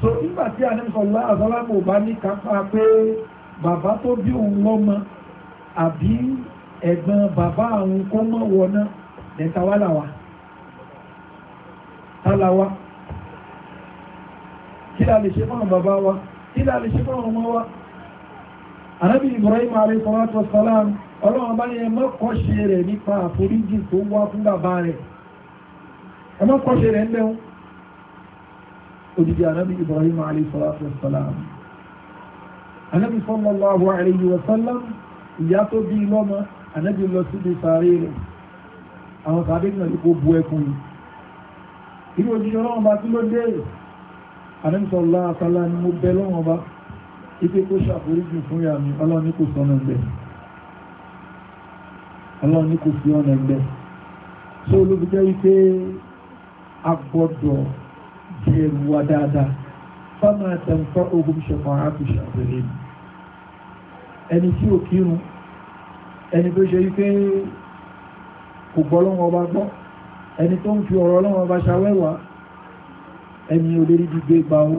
so nígbà tí anẹ́sọ̀lá àzọ́lápò bá ní kápá pé bàbá tó bí òun lọ́mọ àbí ẹ̀gbọ́n bàbá àwọn kó mọ́ wọná lẹ́tawálàwà tálàwà kí la lè ṣe fún bàbá wa kí la lè ṣe fún ọmọ wa anabi Ibrahim alayhi salatu wassalam ọlọ́run bá yẹ mọ́kànṣe rẹ̀ nípa àforíjì tó wá fún bàbá rẹ̀ ẹmọ́ kọ́ṣe rẹ̀ ń bẹ́hùn odidi anabi ibrahim alayhi salatu wa salam anabi sallallahu alayhi wa sallam ìyá tó bí lọ́mọ anabi lọ síbi sàárè rẹ̀ àwọn sàárè náà kò bu ẹkùn yìí irú òjijì ọlọ́run bá tí ló dé anabi sallallahu alayhi wa sallam ipe kó ṣàforíjì fún ìyá mi ọlọ́run ní kò sí ọ̀nà ẹgbẹ́ so olùbíjẹ́ wípé agbọ́dọ̀ di ẹrù wa dáadáa fáwọn àtẹnfọ́ ogun ṣẹ̀fọ́ àkùṣà bẹ̀rẹ̀ mi ẹni tí ò kírun ẹni tó ṣe wípé kò gbọ́ lọ́wọ́ ọba gbọ́ ẹni tó ń fi ọ̀rọ̀ lọ́wọ́ ọba ṣàwẹ́wà ẹni ò lè rí gbígbé gba ó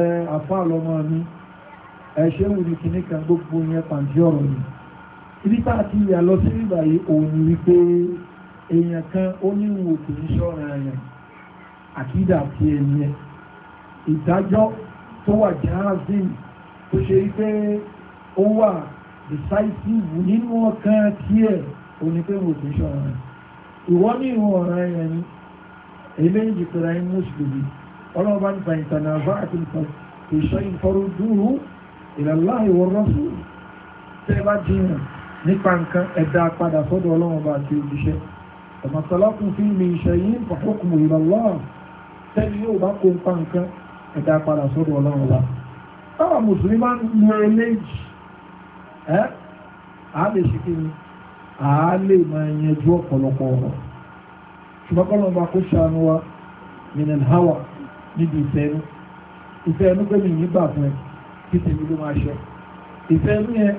ẹ àfá àlọ́mọ mi ẹ ṣe wù ní kìíní kan gbogbo yẹn pàǹtí ọ̀rọ̀ yìí ibi tá a ti yà lọ sí ìgbà yìí òun ni wípé èèyàn kan ó ní ìwò kì í ṣọ́ra ẹ̀yàn àkídà àti ẹ̀yẹ ìdájọ́ tó wà jahazin tó ṣe pé ó wà decisive nínú ọkàn tiẹ̀ ó ní pé ìwò kì í ṣọ́ra ẹ̀yàn ìwọ ní ìwọ̀n ọ̀ràn ẹ̀yàn ni eléyìí pẹ̀lú ẹ̀yìn mùsùlùmí ọlọ́ọ̀bá ń fa ìtànà àbá àti ìṣọ́ ìfọ́rọ̀ dúró ìlàlá ìwọ̀rọ̀ fún tẹ́ bá jiyàn nípa nǹkan ẹ̀dá padà sọ́dọ̀ ọlọ́run bá ti òjíṣẹ́ ọ̀nà tọ́lákùn fi mi ṣe yí ọ̀pọ̀kùn ìlọ lọ́ọ̀ tẹ́lẹ̀ yóò bá kó nǹkan nǹkan ẹ̀dá padà sọ́dọ̀ ọlọ́run wa táwa mùsùlùmí máa ń lo eléjì ẹ́ àá lè ṣe kí ni àá lè máa yanjú ọ̀pọ̀lọpọ̀ ọ̀rọ̀ ṣùgbọ́n kọ́lọ́n bá kó ṣàánú wa mìíràn háwà níbi ìfẹ́ ẹnu ìfẹ́ ẹnu pé mi yín bà fún ẹ kí tèmi ló máa ṣe ìfẹ́ ẹnu yẹn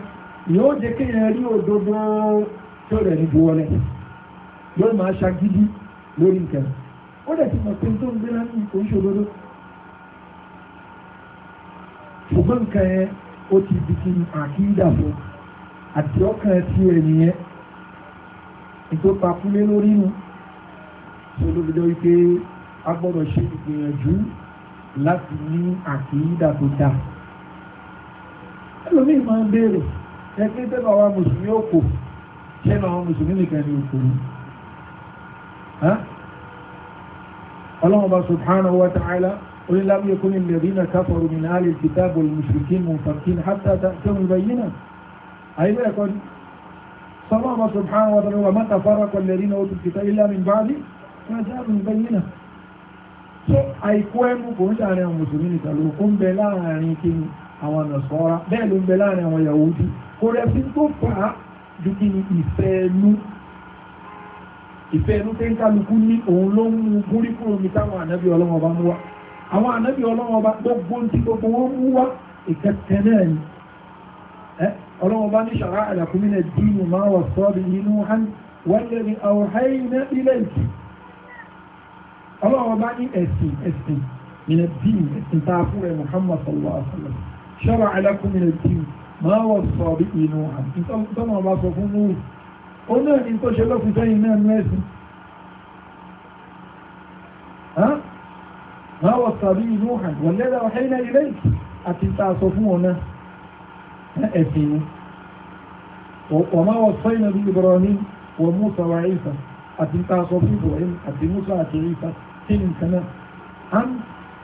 yóò jẹ́ kéèyàn rí òdodo tó rẹ̀ níbi wọlé yóò máa ṣagídí lórí nǹkan ó dẹ̀ ti mọ̀ pé tó ń gbé láti ipò ń ṣòdodo ṣùgbọ́n nǹkan yẹn ó ti di kí àkíńdà fún àti ọkàn ti rẹ̀ nìyẹn ètò pakúlé lórí nu tó ló fi jọ wípé a gbọ́dọ̀ ṣe ìgbìyànjú láti ní àkíńdà tó dáa ẹlòmíì máa ń béèrè ẹgbẹ́ tẹ́lẹ̀ àwọn mùsùlùmí òkò ṣẹ́nu àwọn mùsùlùmí nìkan ni òkò ni ọlọ́run bá subhanahu wa ta'ala قل لم يكن الذين كفروا من آل الكتاب والمشركين منفكين حتى تأتيهم البينة أي بيكون صلى الله سبحانه وتعالى وما تفرق الذين أوتوا الكتاب إلا من بعد ما جاءهم البينة àìkú ẹ̀mú kò ń láàrin àwọn mùsùlùmí ìtàlù ó ń bẹ láàrin kíni àwọn nàṣọ́ra bẹ́ẹ̀ ló ń bẹ láàrin àwọn Yahudi kò rẹ̀ sí tó fà á ju kíni ìfẹ́ ẹnu ìfẹ́ inú tẹ́ ń kálukú ní òun ló ń mú gúrí kúrò ní táwọn ànábì ọlọ́run ọba mú wa àwọn ànábì ọlọ́run ọba gbogbo ti gbogbo wọn mú wa ìkẹtẹ náà ni ọlọ́run ọba ní ṣàrá àlàkùnmínà dínú máa wà sọ́ọ̀bì inú hàn wọ́lẹ̀ ní àwòháìnà ilẹ̀ ìtì ọlọ́run ọba ní ẹ̀sìn ẹ̀sìn nínú dínú ẹ̀sìn tá a fún ẹ̀ Muhammad sallallahu ó náà ní tó ṣe lọ́fún sẹ́yìn náà ní ẹ̀sìn máa wọ̀ sàbí inú hàn wọ́n lẹ́dà ọ̀hẹ́ iná ilé àti ta sọ fún wọn náà ẹ̀sìn ni wọ́n máa wọ̀ sẹ́yìn náà bí Ibrahim wọ́n mú sọ̀rọ̀ Ìsá àti ta fún Ibrahim àti Musa àti Ìsá sí nǹkan náà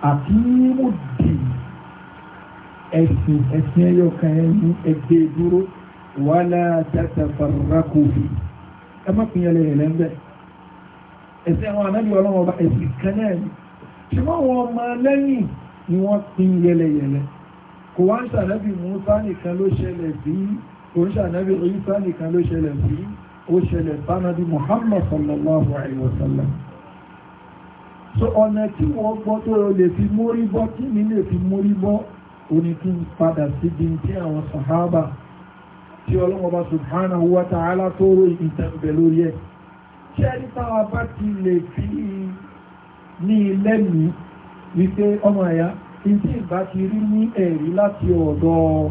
àti mú dì ẹ̀sìn ẹ̀sìn ẹyọ kan ẹni wala tatafarraqu fi ẹ má pín yẹlẹ yẹlẹ ń bẹ ẹsẹ̀ àwọn anábì ọlọ́run ọba ẹ̀sìn kan náà ni ṣùgbọ́n àwọn ọmọ lẹ́yìn ni wọ́n pín yẹlẹ yẹlẹ kò wá ń ṣànábì Mùsá nìkan ló ṣẹlẹ̀ sí kò ń ṣànábì Ìsá nìkan ló ṣẹlẹ̀ sí ó ṣẹlẹ̀ sánábì Muhammad sallallahu alayhi wa sallam so ọ̀nà tí wọ́n gbọ́ tó lè fi mórí bọ́ kí ni lè fi mórí bọ́ oní kí n padà síbi tí àwọn sàhábà tí ọlọ́wọ́ bá subhanahu wa ta'ala tó rò ìtẹ̀bẹ̀ lórí ẹ̀ ṣẹ́rí táwa bá ti lè fi ní ilẹ̀ mi wípé ọmọ ẹ̀yà ìdí ìbá ti rí ní ẹ̀rí láti ọ̀dọ̀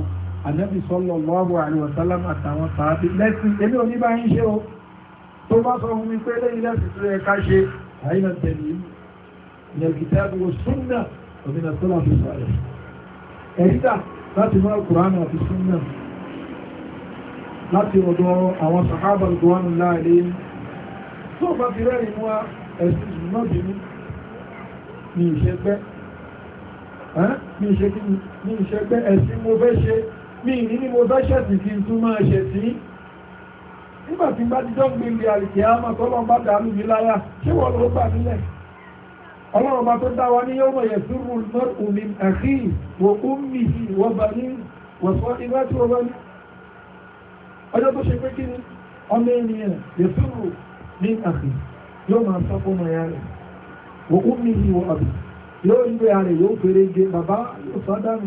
ànábì sallallahu alaihi wasallam àtàwọn sàábì lẹ́sìn èmi ò ní bá ń ṣe o tó bá láti sọ̀rọ̀ ẹ̀ríkà àti sunnah láti ọ̀dọ̀ àwọn sàhábà ìgbòhánù láàrin tó bá ti rẹ́rin wá ẹ̀sùn náà bí ní ìṣẹ́gbẹ́ ní ìṣẹ́gbẹ́ ẹ̀sìn mo fẹ́ ṣe ní ìní ni mo fẹ́ ṣẹ̀sì kí n tún máa ṣẹ̀ sí nígbà tí bá dídọ́ gbé ilé àlìkè àmà tọ́lọ́ bá dàánú mi láyà ṣé wọ́n ló gbà nílẹ̀ ọlọ́run bá tó dá ní yọ́mọ̀ yẹ̀ sí rúlmọ́rùn-ún min àkíyì wọ́n kún mi wọ́n bá ní wọ́n sọ ìrántí wọ́n bá ní ọjọ́ tó ṣe pé kí ni ọmọ ènìyàn yẹ túrù ní àfì yóò máa sọ fún ọmọ ya rẹ̀ wọ́n kún mi ìwọ àbí yóò rí bẹ́ẹ̀ rẹ̀ yóò fèrè gé bàbá yóò sọ dànù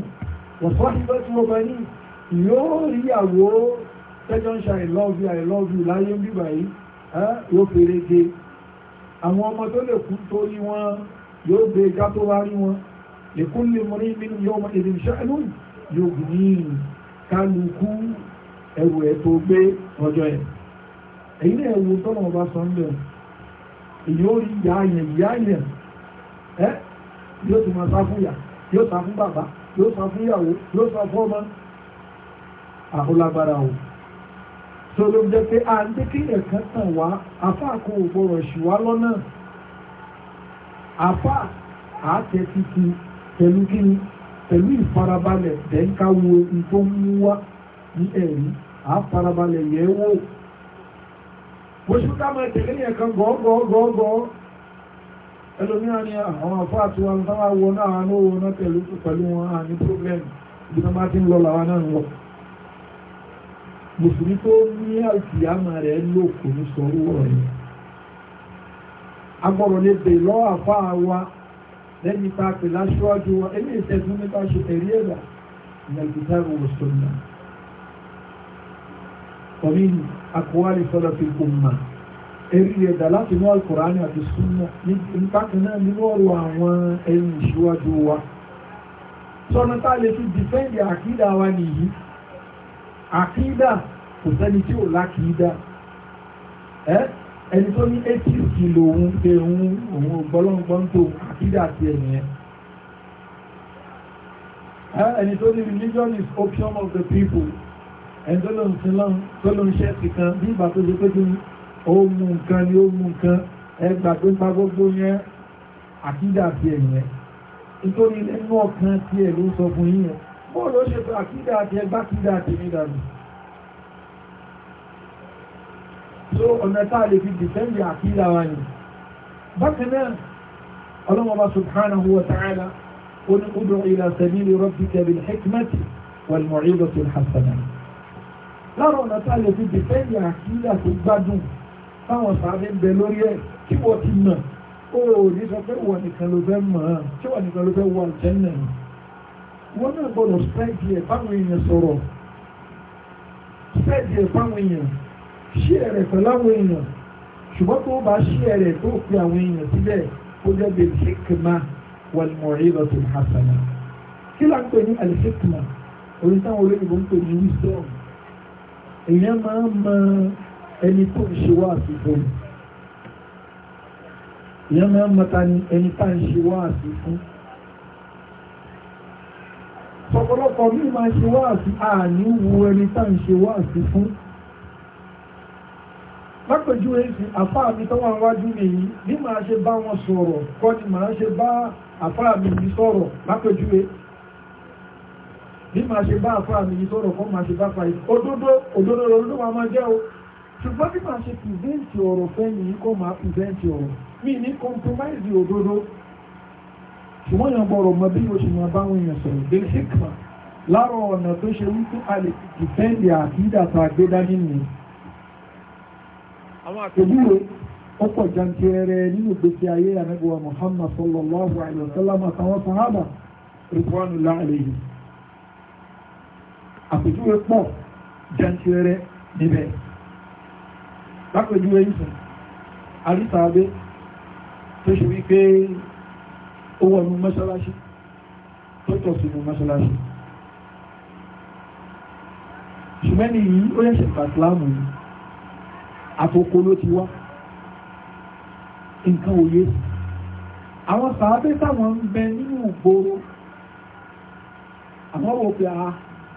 wọ́n sọ ìbẹ́ tí mo bá ní yóò rí àwò tẹ́jọ́ ń ṣe I love you I love you láyé ń bíbà yìí yóò fèrè gé àwọn ọmọ tó lè kú tó rí wọn yóò gbé ga tó wá rí wọn lè mọ ní ìbínú yóò mọ ìdìmṣẹ́ lónìí ẹrù ẹ̀ tó gbé ọjọ́ ẹ̀ èyí ni ẹ̀wù tọ́nà ọba sọ ń bẹ̀ èyí ó rí ìyá yẹn ìyá yẹn ẹ́ yóò ti máa sá fún ìyá yóò sá fún bàbá yóò sá fún yóò sá fún ọmọ o pé à ń tàn wá wá afá kí ìfarabalẹ̀ ní a àfarabalẹ̀ yẹ̀ wò oṣù káàmà tẹ̀lé yẹn kan gọ́ọ̀gọ́ọ̀gọ́ ẹlòmíràn àwọn àfáà tí wọn wọ náà ní owó náà pẹ̀lú pẹ̀lú wọn à ní problem ibi náà bá ti ń náà ń mùsùlùmí tó ní àìsíyàmà rẹ̀ lò kò ní sọ owó rẹ̀ agbọ́rọ̀ lè bè lọ́ àfáà wa lẹ́yìn tá a pè láṣíwájú wa ẹni ìṣẹ́gun nípa ṣe ẹ̀rí ẹ̀dà ìyàgbẹ́ta ìwòsàn náà tàbí àkọwàlì sọ́dọ̀ fi kùnmà eré ẹ̀dà láti ní alkùránì àti súnmọ́ nípakínà nínú ọ̀rọ̀ àwọn ẹni ìṣíwájú wa sọ́nà tá lè fi dìfẹ́ndì àkídà wa nìyí àkídà kò sẹ́ni tí ò lákìídà ẹni tó ní atheist lòun ṣe òun òun ògbọ́lọ́gbọ́n tó àkídà ti ẹ̀yẹn ẹni tó ní religion is opium of the people ẹ̀ńtọ́lọ́n ti lọ́n tó ló ń ṣẹ́ ti kan bí ìgbà tó ṣe pé kí ó mú nǹkan ni ó mú nǹkan ẹgbà tó ń pa gbogbo yẹn àkídà ti ẹ̀yìn nítorí nínú ọkàn ti ẹ̀ ló sọ fún yíyan bọ́ọ̀lù ó ṣe pé àkídà ti ẹgbà kídà ti mi dàbí so ọ̀nà táà lára ọ̀nà tá a lè fi dìpẹ́ndì àkíyà tó gbádùn táwọn sàábí ń bẹ lórí ẹ̀ kí wọ́n ti mọ̀ ó ní sọ pé wọ́n nìkan ló fẹ́ mọ̀ ọ́n tí wọ́n nìkan ló fẹ́ wọ àjẹ́nà yìí wọ́n náà gbọ́dọ̀ spread ẹ̀ fáwọn èèyàn sọ̀rọ̀ spread ẹ̀ fáwọn èèyàn ṣí ẹ̀rẹ̀ pẹ̀lú àwọn èèyàn ṣùgbọ́n tó bá ṣí ẹ̀rẹ̀ tó fi àwọn èèyàn síbẹ̀ ó jẹ́ bíi hikma wal-maw'izati al-hasana kí láǹpẹ̀ ní al-hikma orí táwọn olóyìnbó ń pè èèyàn máa ń mọ ẹni tó ń ṣe wá àsìkò èèyàn máa ń mọ ta ni ẹni tá ń ṣe wá àsìkò ọ̀pọ̀lọpọ̀ mi máa ṣe wá àti àní wu ẹni tá ń ṣe wá àti fún lápẹjú èsì àfáà mi tó wà wájú mi yìí bí máa ṣe bá wọn sọ̀rọ̀ kọ́ ni máa ṣe bá àfáà mi sọ̀rọ̀ lápẹjú èsì bí ma ṣe bá àfáà mi ìtọ́rọ̀ kan ma ṣe bá fa òdodo òdodo máa jẹ́ o ṣùgbọ́n bí máa ṣe pìvẹ́ǹtì ọ̀rọ̀ fẹ́ nìyí kó máa ọ̀rọ̀ mi ní compromise òdodo ṣùgbọ́n yàn gbọ́rọ̀ mọ bí mo ṣe máa bá wọn yàn sọ̀rọ̀ dé hikma ọ̀nà tó ṣe a lè àkídà tá a gbé dání ó pọ̀ àpèjúwe pọ̀ jẹntìrẹrẹ níbẹ̀ lápèjúwe yìí sùn àrísàábé tó ṣe wípé ó wọnú mọ́ṣáláṣí tó tọ̀ sínú mọ́ṣáláṣí ṣùgbẹ́ni yìí ó yẹ́ ṣẹ̀fà ìsìláàmù yìí àtòkò ló ti wá nǹkan òye àwọn sàábé táwọn ń bẹ nínú ìgboro àwọn wò pé a ah,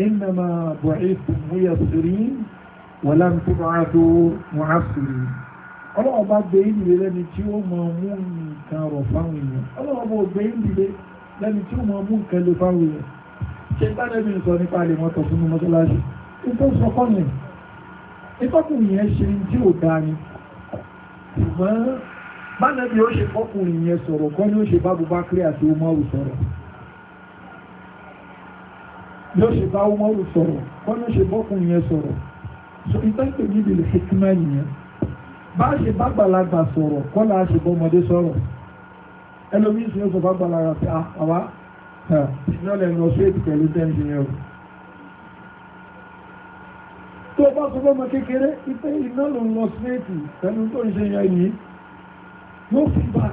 إنما بعثتم ميسرين ولم تبعثوا معسرين ọlọ́wọ́ bá gbé ìdílé lẹ́ni tí ó máa mú nǹkan rọ̀ fáwọn èèyàn ọlọ́wọ́ bá gbé ìdílé lẹ́ni tí ó máa mú nǹkan lè fáwọn èèyàn ṣe gbádẹ́bìn sọ nípa lè mọ́tò fún mọ́tòláṣì nípa sọkọ́ yẹn ìfọ́kùnrin yẹn ṣe tí ò dáa ni ṣùgbọ́n bá nẹ́bí ó ṣe fọ́kùnrin yẹn sọ̀rọ̀ kọ́ ni ó ṣe bá Bubakar àti Umaru sọ̀rọ̀ yóò ṣe bá umaru sọ̀rọ̀ wọ́n yóò ṣe bọ́kùnrin yẹn sọ̀rọ̀ so ìtẹ́kẹ̀ níbi lè hikima nìyẹn bá ṣe bá gbàlagbà sọ̀rọ̀ kọ́ la ṣe bọ́mọdé sọ̀rọ̀ ẹlòmíín sì yóò sọ bá gbàlagbà pé àwa ìyọ́lẹ̀ ní ọ̀ṣọ́ èdè pẹ̀lú tẹ́ǹtì yẹn o tó bá sọ bọ́mọ kékeré ipe iná ló ń lọ sínéètì pẹ̀lú tó ń ṣe yẹn yìí yóò fi bá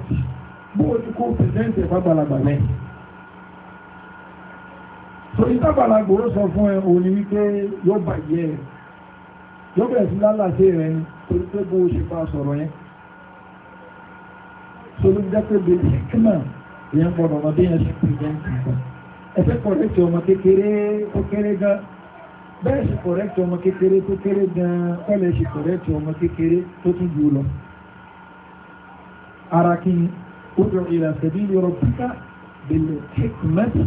bóòlù kó pẹ̀sẹ̀ǹtì ẹ̀ bá lẹ́yìn torí tábàlagbò ó sọ fún ẹ òun ni wípé yóò bàjẹ́ ẹ yóò bẹ̀rẹ̀ sí lálàsí rẹ ni torí pé bó ṣe bá sọ̀rọ̀ yẹn sọlọ́ jẹ́ pé bèbí kíkínà èèyàn gbọ́dọ̀ ọmọdé yẹn ṣe pè jẹ́ nǹkan ẹsẹ̀ kọ̀rẹ́tì ọmọ kékeré tó kéré gan bẹ́ẹ̀ ṣe kọ̀rẹ́tì ọmọ kékeré tó kéré gan pẹ́lẹ̀ ṣe ọmọ kékeré tó tún jù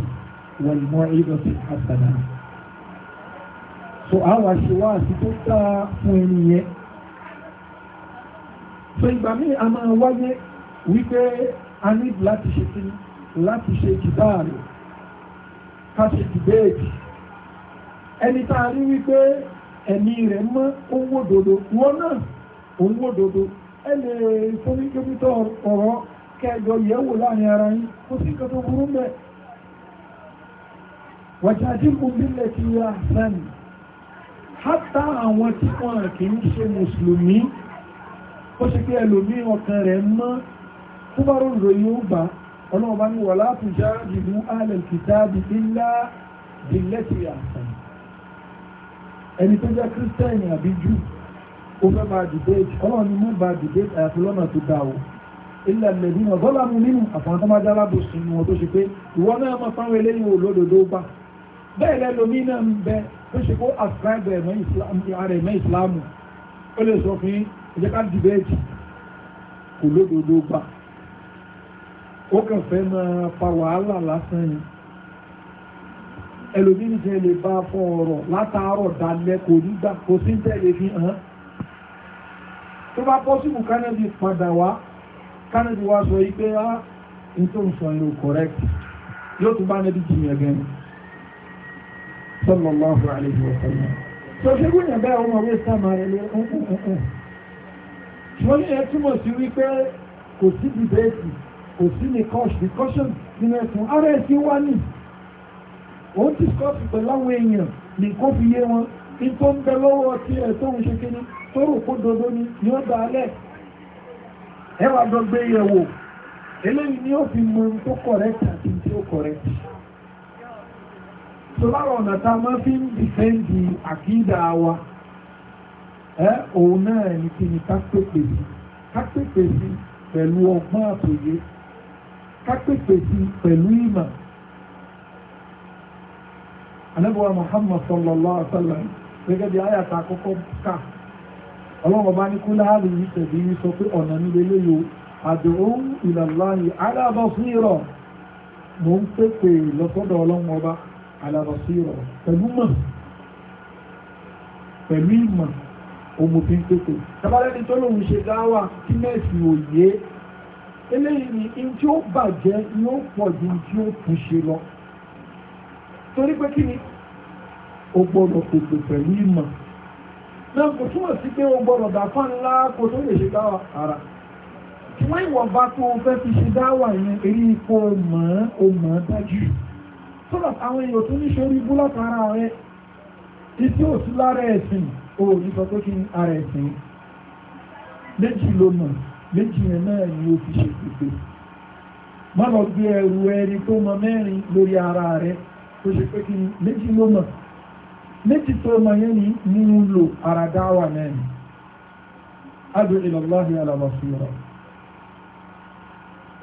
lọ والموعظة الحسنة so àwọn àṣewáàsí so a máa wáyé wípé a ní láti ṣe ti láti ṣe jìbáàlù ká ṣe dìbéètì ẹni tá a rí wípé ẹ̀mí rẹ̀ mọ́ owó òdodo wọn náà owó wàjáàdìmù bílẹ̀ ti yá sẹ́ni hátà àwọn tí wọ́n kì ń ṣe mùsùlùmí ó ṣe pé ẹlòmí ọkàn rẹ̀ mọ́ tó bá rọrùn ròyìn ó bá ọlọ́run bá ní wà látúnjá ìlú alẹ́kìtàbí ilá bílẹ̀ ti yá sẹ́ni ẹni tó jẹ́ kírísítẹ́nì àbí jù ó fẹ́ máa dìbéètì ọlọ́run ni mú bá dìbéètì àyàfi lọ́nà nínú àfọ̀ntán má dálábòsùn tó ṣe pé ìwọ náà mọ̀ fáwọn eléyìí olódodo bá bẹ́ẹ̀ lẹ́lòmí náà ń bẹ tó ṣe kó ascribe ààrẹ ìmọ̀ ìsìláàmù ó lè sọ fún ẹjẹ́ ká dìbẹ́ẹ̀tì kò lódodo gbà ó kàn fẹ́ máa fa wàhálà lásán ni ẹlòmí ní tẹ́ lè bá fún ọ̀rọ̀ látàárọ̀ dalẹ́ kò ní gbà kò sí tẹ́lẹ̀ fi hàn tó bá pọ́sibù kánẹ́bí padà wá kánẹ́bí wá sọ yí pé á ah, ní tó ń sọ yìí ò correct yóò tún bá nẹ́bí jìyàn gẹ́gẹ́ صلى الله عليه وسلم. tó ṣe gúnyàn bẹ́ẹ̀ ọmọ wé sáàmà rẹ̀ lé ṣùgbọ́n ní ẹ túmọ̀ sí wípé kò sí dìbẹ́ẹ̀tì kò sí ní discussion nínú ẹ̀sùn ara ẹ̀sìn wá ní òun discuss pẹ̀lú àwọn èèyàn ní kó fi yé wọn ní tó ń bẹ lọ́wọ́ tí ẹ̀ tó ń ṣe kíní tó rò kó dodo ni ni ó da alẹ́ ẹ wàá yẹ̀wò eléyìí ni ó fi mọ tó correct àti tí ó correct tó lára ọ̀nà tá a máa fi ń dìfẹ́ǹdì àkídà wa ẹ òun náà ní kí ni ká pèpè sí ká pèpè sí pẹ̀lú ọgbọ́n àtòyé ká pèpè sí pẹ̀lú ìmọ̀ anabuwa muhammad sallallahu alaihi wa sallam gẹ́gẹ́ bí ayàtà àkọ́kọ́ ká ọlọ́run bá ní kú láàrí ìtẹ̀bí sọ pé ọ̀nà nílé léyò àdúró ìlàláyé alábọ̀sí rọ̀ mò ń pèpè lọ́sọ́dọ̀ ọlọ́run ọba alárọ̀sí rọ̀ pẹ̀lú mọ̀ pẹ̀lú ìmọ̀ òmùfin pépè tabalẹ́ni tó lòun ṣe dáwà tí mẹ́ẹ̀sì òye eléyìí ni in tí ó bàjẹ́ ni ó pọ̀ ju in tí ó tún ṣe lọ torí pé kí ni o gbọ́dọ̀ pèpè pẹ̀lú ìmọ̀ náà kò túmọ̀ sí pé o gbọ́dọ̀ dàfà ńlá kò tó lè ṣe dáwà ara wọ́n ìwọ̀nba tó fẹ́ fi ṣe dáwà yẹn èyí kò mọ̀ ọ́ mọ̀ ọ́ dájú so that àwọn èèyàn tún ní ṣorí búlọ́ọ̀kì ara rẹ̀ ìtí ò sí lára ẹ̀sìn o ò ní sọ pé kí ara ẹ̀sìn méjì ló mọ̀ méjì yẹn náà ni ó fi ṣe pípé má lọ gbé ẹrù ẹni tó mọ mẹ́rin lórí ara rẹ̀ tó ṣe pé kí méjì ló méjì tó mọ yẹn ni mú un lò ara dáwà náà ni adu ilallahi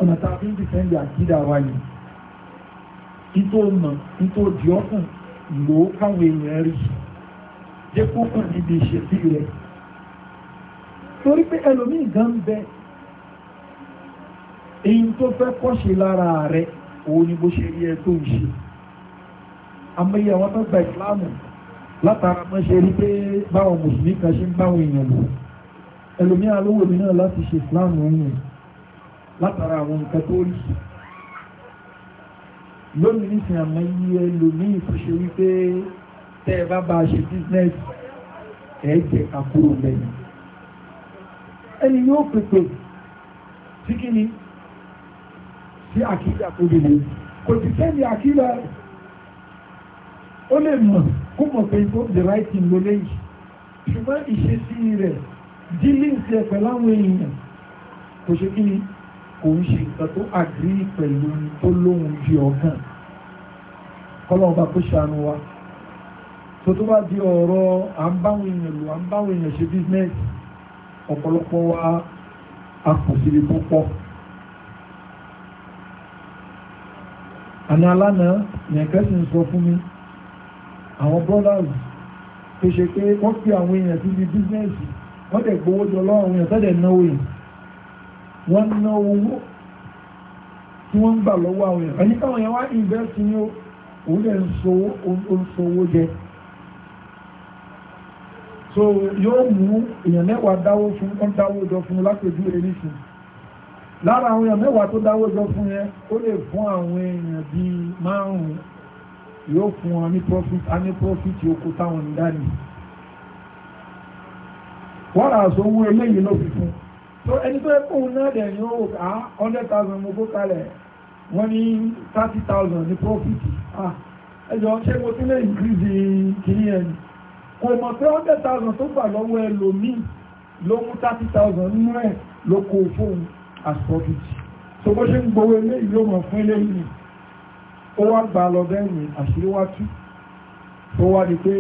ọ̀nà tá a fi ń dìfẹ́ǹdì àkídà wa títò mọ̀ títò di ọkàn lò ó káwọn èèyàn rí jẹ́ kó hàn níbi ìṣesí rẹ̀ torí pé ẹlòmíì gan bẹ èyí tó fẹ́ kọ́ṣe lára rẹ̀ òun ni bó ṣe rí ẹ tó ń ṣe amẹ́yẹ àwọn tó gba ìsìláàmù látara mọ́ ṣe rí pé báwọn mùsùlùmí kan ṣe ń báwọn èèyàn lò ẹlòmíì alówó mi náà láti ṣe ìsìláàmù ń yìn látara àwọn nǹkan tó rí sí lónìí nísìn àmọ́ iye ẹlòmíì tó ṣe wípé tẹ́ ẹ bá bá a ṣe bísínẹ́sì ẹ̀ jẹ́ àkúrò lẹ́yìn ẹni yóò pèpè sí kí ni sí àkídà tó dìde kò sì sẹ́ni àkídà ó lè mọ̀ kó mọ̀ pé kó the right thing ló léyìí ṣùgbọ́n ìṣesí rẹ̀ dílé ìṣẹ̀pẹ̀ láwọn èèyàn kò ṣe kí ni kò ń ṣe nǹkan tó àgírí pẹ̀lú tó lóhun di ọ̀gàn kọ́lọ́n bá kó ṣàánú wa tó tó bá di ọ̀rọ̀ à ń báwọn èèyàn lò à ń báwọn èèyàn ṣe bísínẹ́sì ọ̀pọ̀lọpọ̀ wa a kò sí ibi púpọ̀ àná alánàá yẹ̀kẹ́ sì ń sọ fún mi àwọn brothers tó ṣe pé wọ́n fi àwọn èèyàn sí ibi bísínẹ́sì wọ́n dẹ̀ gbowó jọ lọ́wọ́ àwọn èèyàn tó náwó yìí wọ́n ná owó tí wọ́n ń gbà lọ́wọ́ àwọn èèyàn ẹni táwọn èèyàn wá invest ní òun lè ń sowó jẹ so yóò mú èèyàn mẹ́wàá dáwó fún ọ́n dáwó jọ fún lápẹ̀jú ẹni sùn lára àwọn èèyàn mẹ́wàá tó dáwó jọ fún yẹn ó lè fún àwọn èèyàn bíi márùn-ún yóò fún wọn ní profit a ní profit oko táwọn ń dá ní wọ́n rà sówó eléyìí ló fi fún un tó ẹkùn náà dẹ̀ ní owó ká 100,000 mo kó kalẹ̀ wọ́n ní 30,000 ní profit ah, ẹjọ́ ṣé mo tún lè increase kìíní ẹni kò mọ̀ pé 100,000 tó gbà lọ́wọ́ ẹ lòmí ló mú 30,000 nínú ẹ̀ ló kó fóun as profit so bó ṣe ń gbowó ilé ìlú mọ̀ fún ilé yìí ó wá gbà lọ bẹ́ẹ̀ ni àṣírí wá tú ó wá di pé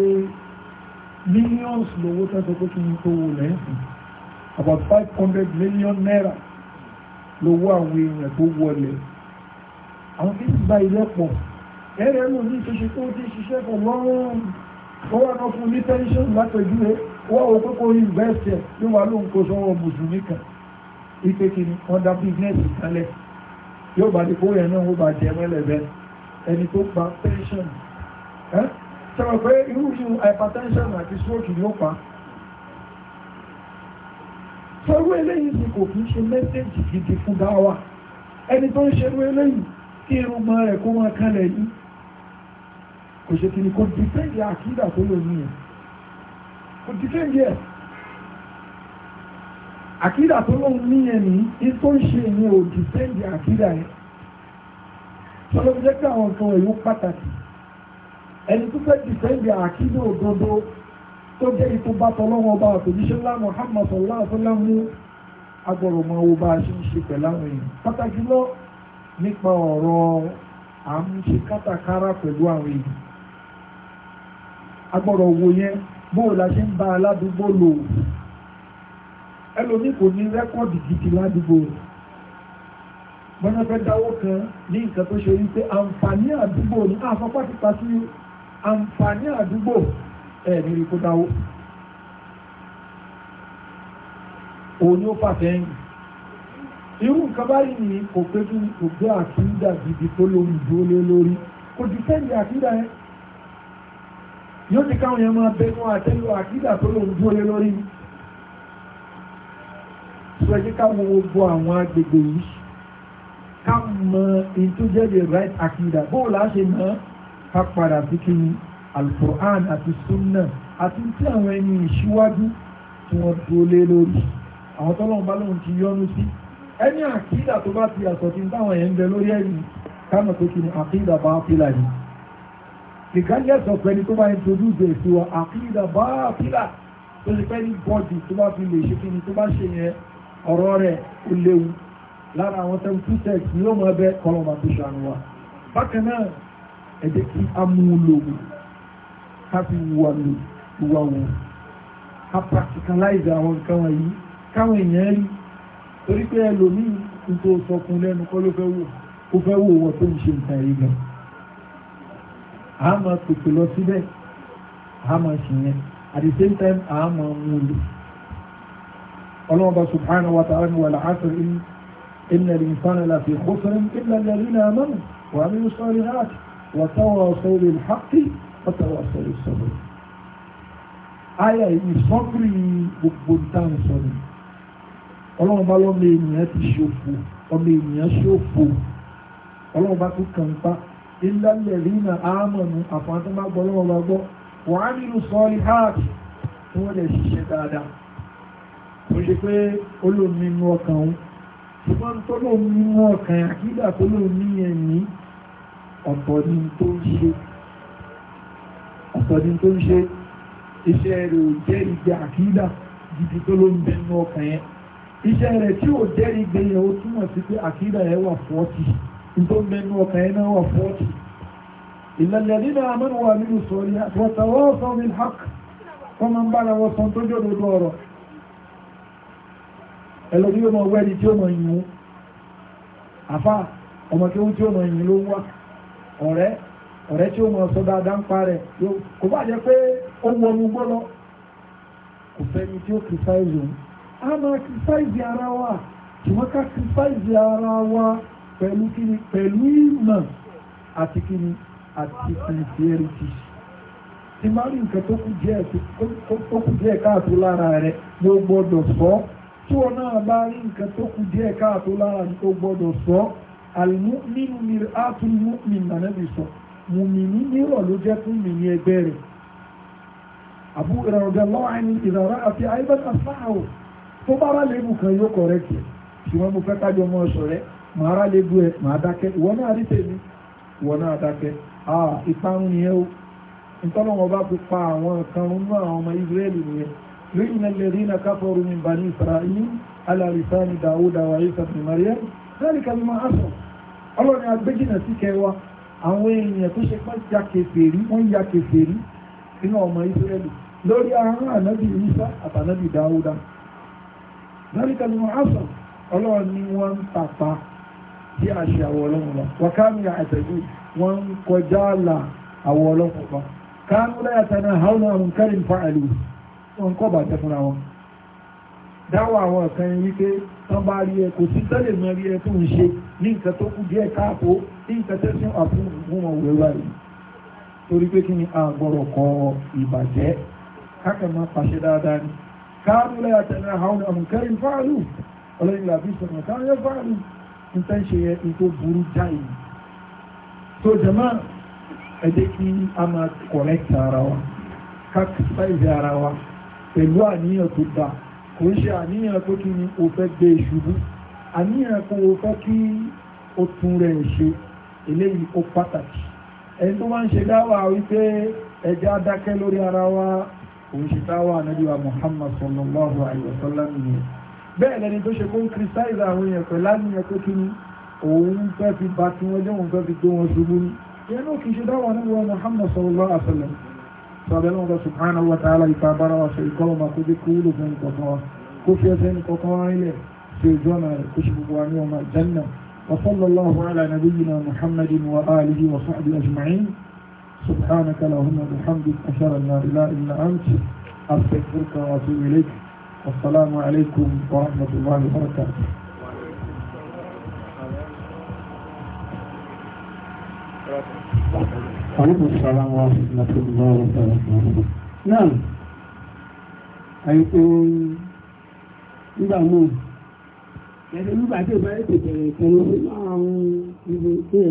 millions lówó tẹ́tọ́ pé kí n tó wò lẹ́yìn about 500 million naira lówó àwọn èèyàn tó wọlé àwọn kí ti gba ilé pọ̀ ẹ̀rẹ́ mú ní ìṣẹ́ṣe tó ti ṣiṣẹ́ pọ̀ lọ́rùn wọ́n wá náà fún ní pension látọ̀júwe wọ́n ò pé kó invest ẹ̀ ló wà ló ń kó sọ́wọ́ mùsùlùmí kan ipe kí ni wọ́n business kalẹ̀ yóò bá di kó yẹn náà ó bá jẹ mẹ́lẹ̀bẹ́ ẹni tó gba pension sọ̀rọ̀ pé irú yìí hypertension àti stroke ni ó pa torú eléyìí ni kò fi ṣe mẹ́sẹ̀jì gidi fún dáwà ẹni tó ń ṣerú eléyìí kí irun mọ́ rẹ̀ kó máa kalẹ̀ yìí kò ṣe kìí kò dìfẹ́ǹdì àkídà tó lò ní ẹ̀ kò dìfẹ́ǹdì ẹ̀ àkídà tó lò ní ẹ̀ ní ní tó ń ṣe ìyẹn ò dìfẹ́ǹdì àkídà ẹ̀ tọ́lọ́ fi jẹ́ pé àwọn nǹkan ẹ̀yọ́ pàtàkì ẹni tó fẹ́ dìfẹ́ǹdì àkídà òdodo tó jẹ́ ipò bá tọ́lọ́wọ́ bá àtòjíṣẹ́ ńlá Muhammad sallallahu alaihi wasallam agbọ̀rọ̀ mọ́ owó bá a ṣe ń ṣe pẹ̀láwọn èèyàn pàtàkì lọ nípa ọ̀rọ̀ à ń ṣe kátàkárà pẹ̀lú àwọn èèyàn agbọ̀rọ̀ owó yẹn bóò la ṣe ń bá aládùúgbò lò ẹlòmíì kò ní rẹ́kọ̀dì gidi ládùúgbò bọ́nà fẹ́ dáwó kan ní nǹkan tó ṣe wípé àǹfààní àdúgbò ní àfọ́pátìpátì àǹfààní àdúgbò ẹ̀ ní ikú dáwó òun ni ó fàtẹ́yìn irú nǹkan báyìí ni kò pé kí kò gbé àkídà gidi tó lórí ìdúró lé lórí kò jù sẹ́yìn àkídà yẹn yóò ti káwọn yẹn máa bẹnu àtẹ́lú àkídà tó lórí ìdúró lé lórí sọ ẹjẹ́ káwọn gbogbo àwọn agbègbè yìí ká mọ èyí the right àkídà bóòlù á ṣe mọ́ ká padà sí kí ni alukur'an àti sunna àti tí àwọn ẹni ìṣíwájú tí wọ́n dúró lé lórí àwọn tọ́lọ́run bá lóun ti yọ́nú sí ẹni àkídà tó bá ti yàtọ̀ tí táwọn èèyàn ń bẹ lórí ẹ̀yìn kánà tó kí ni àkídà bá pílà yìí regardless of ẹni tó bá introduce èso àkídà bá pílà tó ti pẹ́ ní bọ́ọ̀dì tó bá fi lè ṣe kí ni tó bá ṣe yẹn ọ̀rọ̀ rẹ̀ ó léwu lára àwọn seven two six ni ó mọ ẹbẹ kọlọmọ àti ṣàánú wa bákan náà ẹ kí amúlòmù ká fi wùwà lò wùwà wò ká practicalize àwọn nǹkan wọ̀nyí káwọn èèyàn rí torí pé ẹlòmíì n tó sọkun lẹ́nu kọ́ ló fẹ́ wò ó fẹ́ wò wọ́n tó ń ṣe nǹkan yìí gan a máa pèpè lọ síbẹ̀ a máa ṣìyẹn at the same time a máa mú un lò ọlọ́mọba subhanahu wa ta'ala wa al-'asr inna al-insana lafi khusr illa alladhina amanu wa 'amilu s-salihati wa tawasaw bil-haqqi ọ̀tàwàṣọ ìṣọ̀rọ̀ ayé ìsọ́kùnrin gbogbo nta ìṣọ̀rọ̀ ọlọ́run bá lọ́mọ ènìyàn ti ṣòfò ọmọ ènìyàn ṣòfò ọlọ́run bá tún kàn pa ilẹ̀ rínà àmọ̀nù àfọ̀ntán bá gbọ́ lọ́wọ́ bá gbọ́ wọ́n á nínú sọ́ọ́lì háàkì tí wọ́n lè ṣiṣẹ́ dáadáa ó ṣe pé olóòmí inú ọkàn òun ṣùgbọ́n tó lóòmí inú ọkàn àkídà tó lóòmí ẹ̀mí ọ̀tọ̀ ni tó ń ṣe sọ̀dí tó ń ṣe iṣẹ́ rẹ̀ ò jẹ́ ìgbé àkídà gidi tó ló ń bẹ nínú ọkàn yẹn iṣẹ́ rẹ̀ tí ò jẹ́ ìgbé yẹn ó túmọ̀ sí pé àkídà yẹn wà fọ́ọ̀tì tó ń bẹ nínú ọkàn yẹn náà wà fọ́ọ̀tì ìlànàdí náà mẹ́nu wà nínú sọ̀rí àtọ̀tọ̀wọ́sọ̀ ọ̀rẹ́ tí ó mọ̀ sọ dáadáa ń parẹ̀ kò bá jẹ́ pé ó wọ lọ kò fẹ́ni tí ó kìrìsáìzì òun a máa kìrìsáìzì ara wa kìrìsáìzì ara wa pẹ̀lú kíni pẹ̀lú ìmọ̀ àti kíni àti sincerity tí máa rí nǹkan tó kù díẹ̀ káàtó lára rẹ̀ ló gbọ́dọ̀ sọ mùmìnì nírọ̀ ló jẹ́ fún mìíní ẹgbẹ́ rẹ̀ àbú ìrànlọ́gbà lọ́wọ́ àìní ìrànlọ́ àti àìbẹ́ta sáàwò tó bá rà lébù kan yóò kọ̀rẹ́kì ṣùgbọ́n mo fẹ́ kájọ ọmọ ọ̀ṣọ́ rẹ̀ màá rà lébù ẹ̀ màá dákẹ́ ìwọ náà rí tèmi ìwọ náà dákẹ́ àà ìparun nìyẹn o ìtọ́lọ́wọ́ bá fi pa àwọn kan nínú àwọn ọmọ Ísírẹ́lì nìyẹn lóyìn alladhina kafaru min bani Isra'il ala lisani Dawuda àwọn èèyàn tó ṣe pọ́ ya kèfèrí wọ́n ya kèfèrí nínú ọmọ Ísírẹ́lì lórí ahọ́n ànábì Ìsá àtànábì Dáúdà lóríkà ni wọ́n aṣọ ọlọ́run ni wọ́n ń tàpá sí àṣẹ àwọ̀ ọlọ́run lọ wọ́n ya àtẹ̀jú wọ́n ń kọjá àlà àwọ̀ ọlọ́run lọ kánú láyà tẹ̀lé àwọn àrùn kẹrin fa àlù wọn kọ́ bàtẹ́ fúnra wọn dáwọ́ àwọn kan wípé tán bá rí ẹ kò sí tẹ́lẹ̀ mọ́ ẹ tó ń ṣe ní nǹkan tó kú díẹ̀ káàkó ní nǹkan tẹ́sán àfihàn òwúrọ̀ yìí torí pé kí ni àgbọ̀rọ̀ kọ ìbàjẹ́ kákàmá pàṣẹ dáadáa ni káàmù lẹ́yà tẹ̀lé àwọn àmùkẹ́rin fáàlù ọlọ́yìn làbí sọ̀rọ̀ káàmù yẹn fáàlù ń tẹ́ ń ṣe yẹ ní tó burú jáì tó jẹ́mọ́ ẹ jẹ́ kí a máa kọ̀rẹ́kì ara wa kákìsáìsì ara wa pẹ̀lú àníyàn tó dáa kò ń ṣe àníyàn tó kí ni o fẹ́ gbé ṣubú àníyàn kò fẹ́ kí ó tún rẹ̀ ṣe eléyìí ó pàtàkì ẹni tó wá ń ṣe dáwà wípé ẹja dákẹ́ lórí ara wa òun ṣe Muhammad sallallahu alayhi wa sallam nìyẹn bẹ́ẹ̀ lẹni tó ṣe àwọn èèyàn pẹ̀lú ni òun fẹ́ fi ba tí wọ́n jẹ́ òun fẹ́ fi gbé wọn ṣubú ní ìyẹn náà kìí ṣe dáwà Muhammad sallallahu alayhi wa sallam sọ̀rọ̀ lọ́wọ́ subhanahu wa ta'ala ìta bára wa ṣe ìkọ́ ọmọ kó dé kúrò fún ìkọ̀kan wa kó fi ẹsẹ̀ ìkọ̀kan wa rí sí ojú ọ̀nà rẹ̀ الجنة وصلى الله على نبينا محمد وآله وصحبه أجمعين سبحانك اللهم وبحمدك أشهد أن لا إله إلا أنت أستغفرك وأتوب إليك والسلام عليكم ورحمة الله وبركاته وعليكم السلام ورحمة الله وبركاته نعم أيقول إذا موت Ẹ̀sẹ̀ nígbà ò bá ètò bẹ̀rẹ̀ kan ló fi ibi tí ẹ̀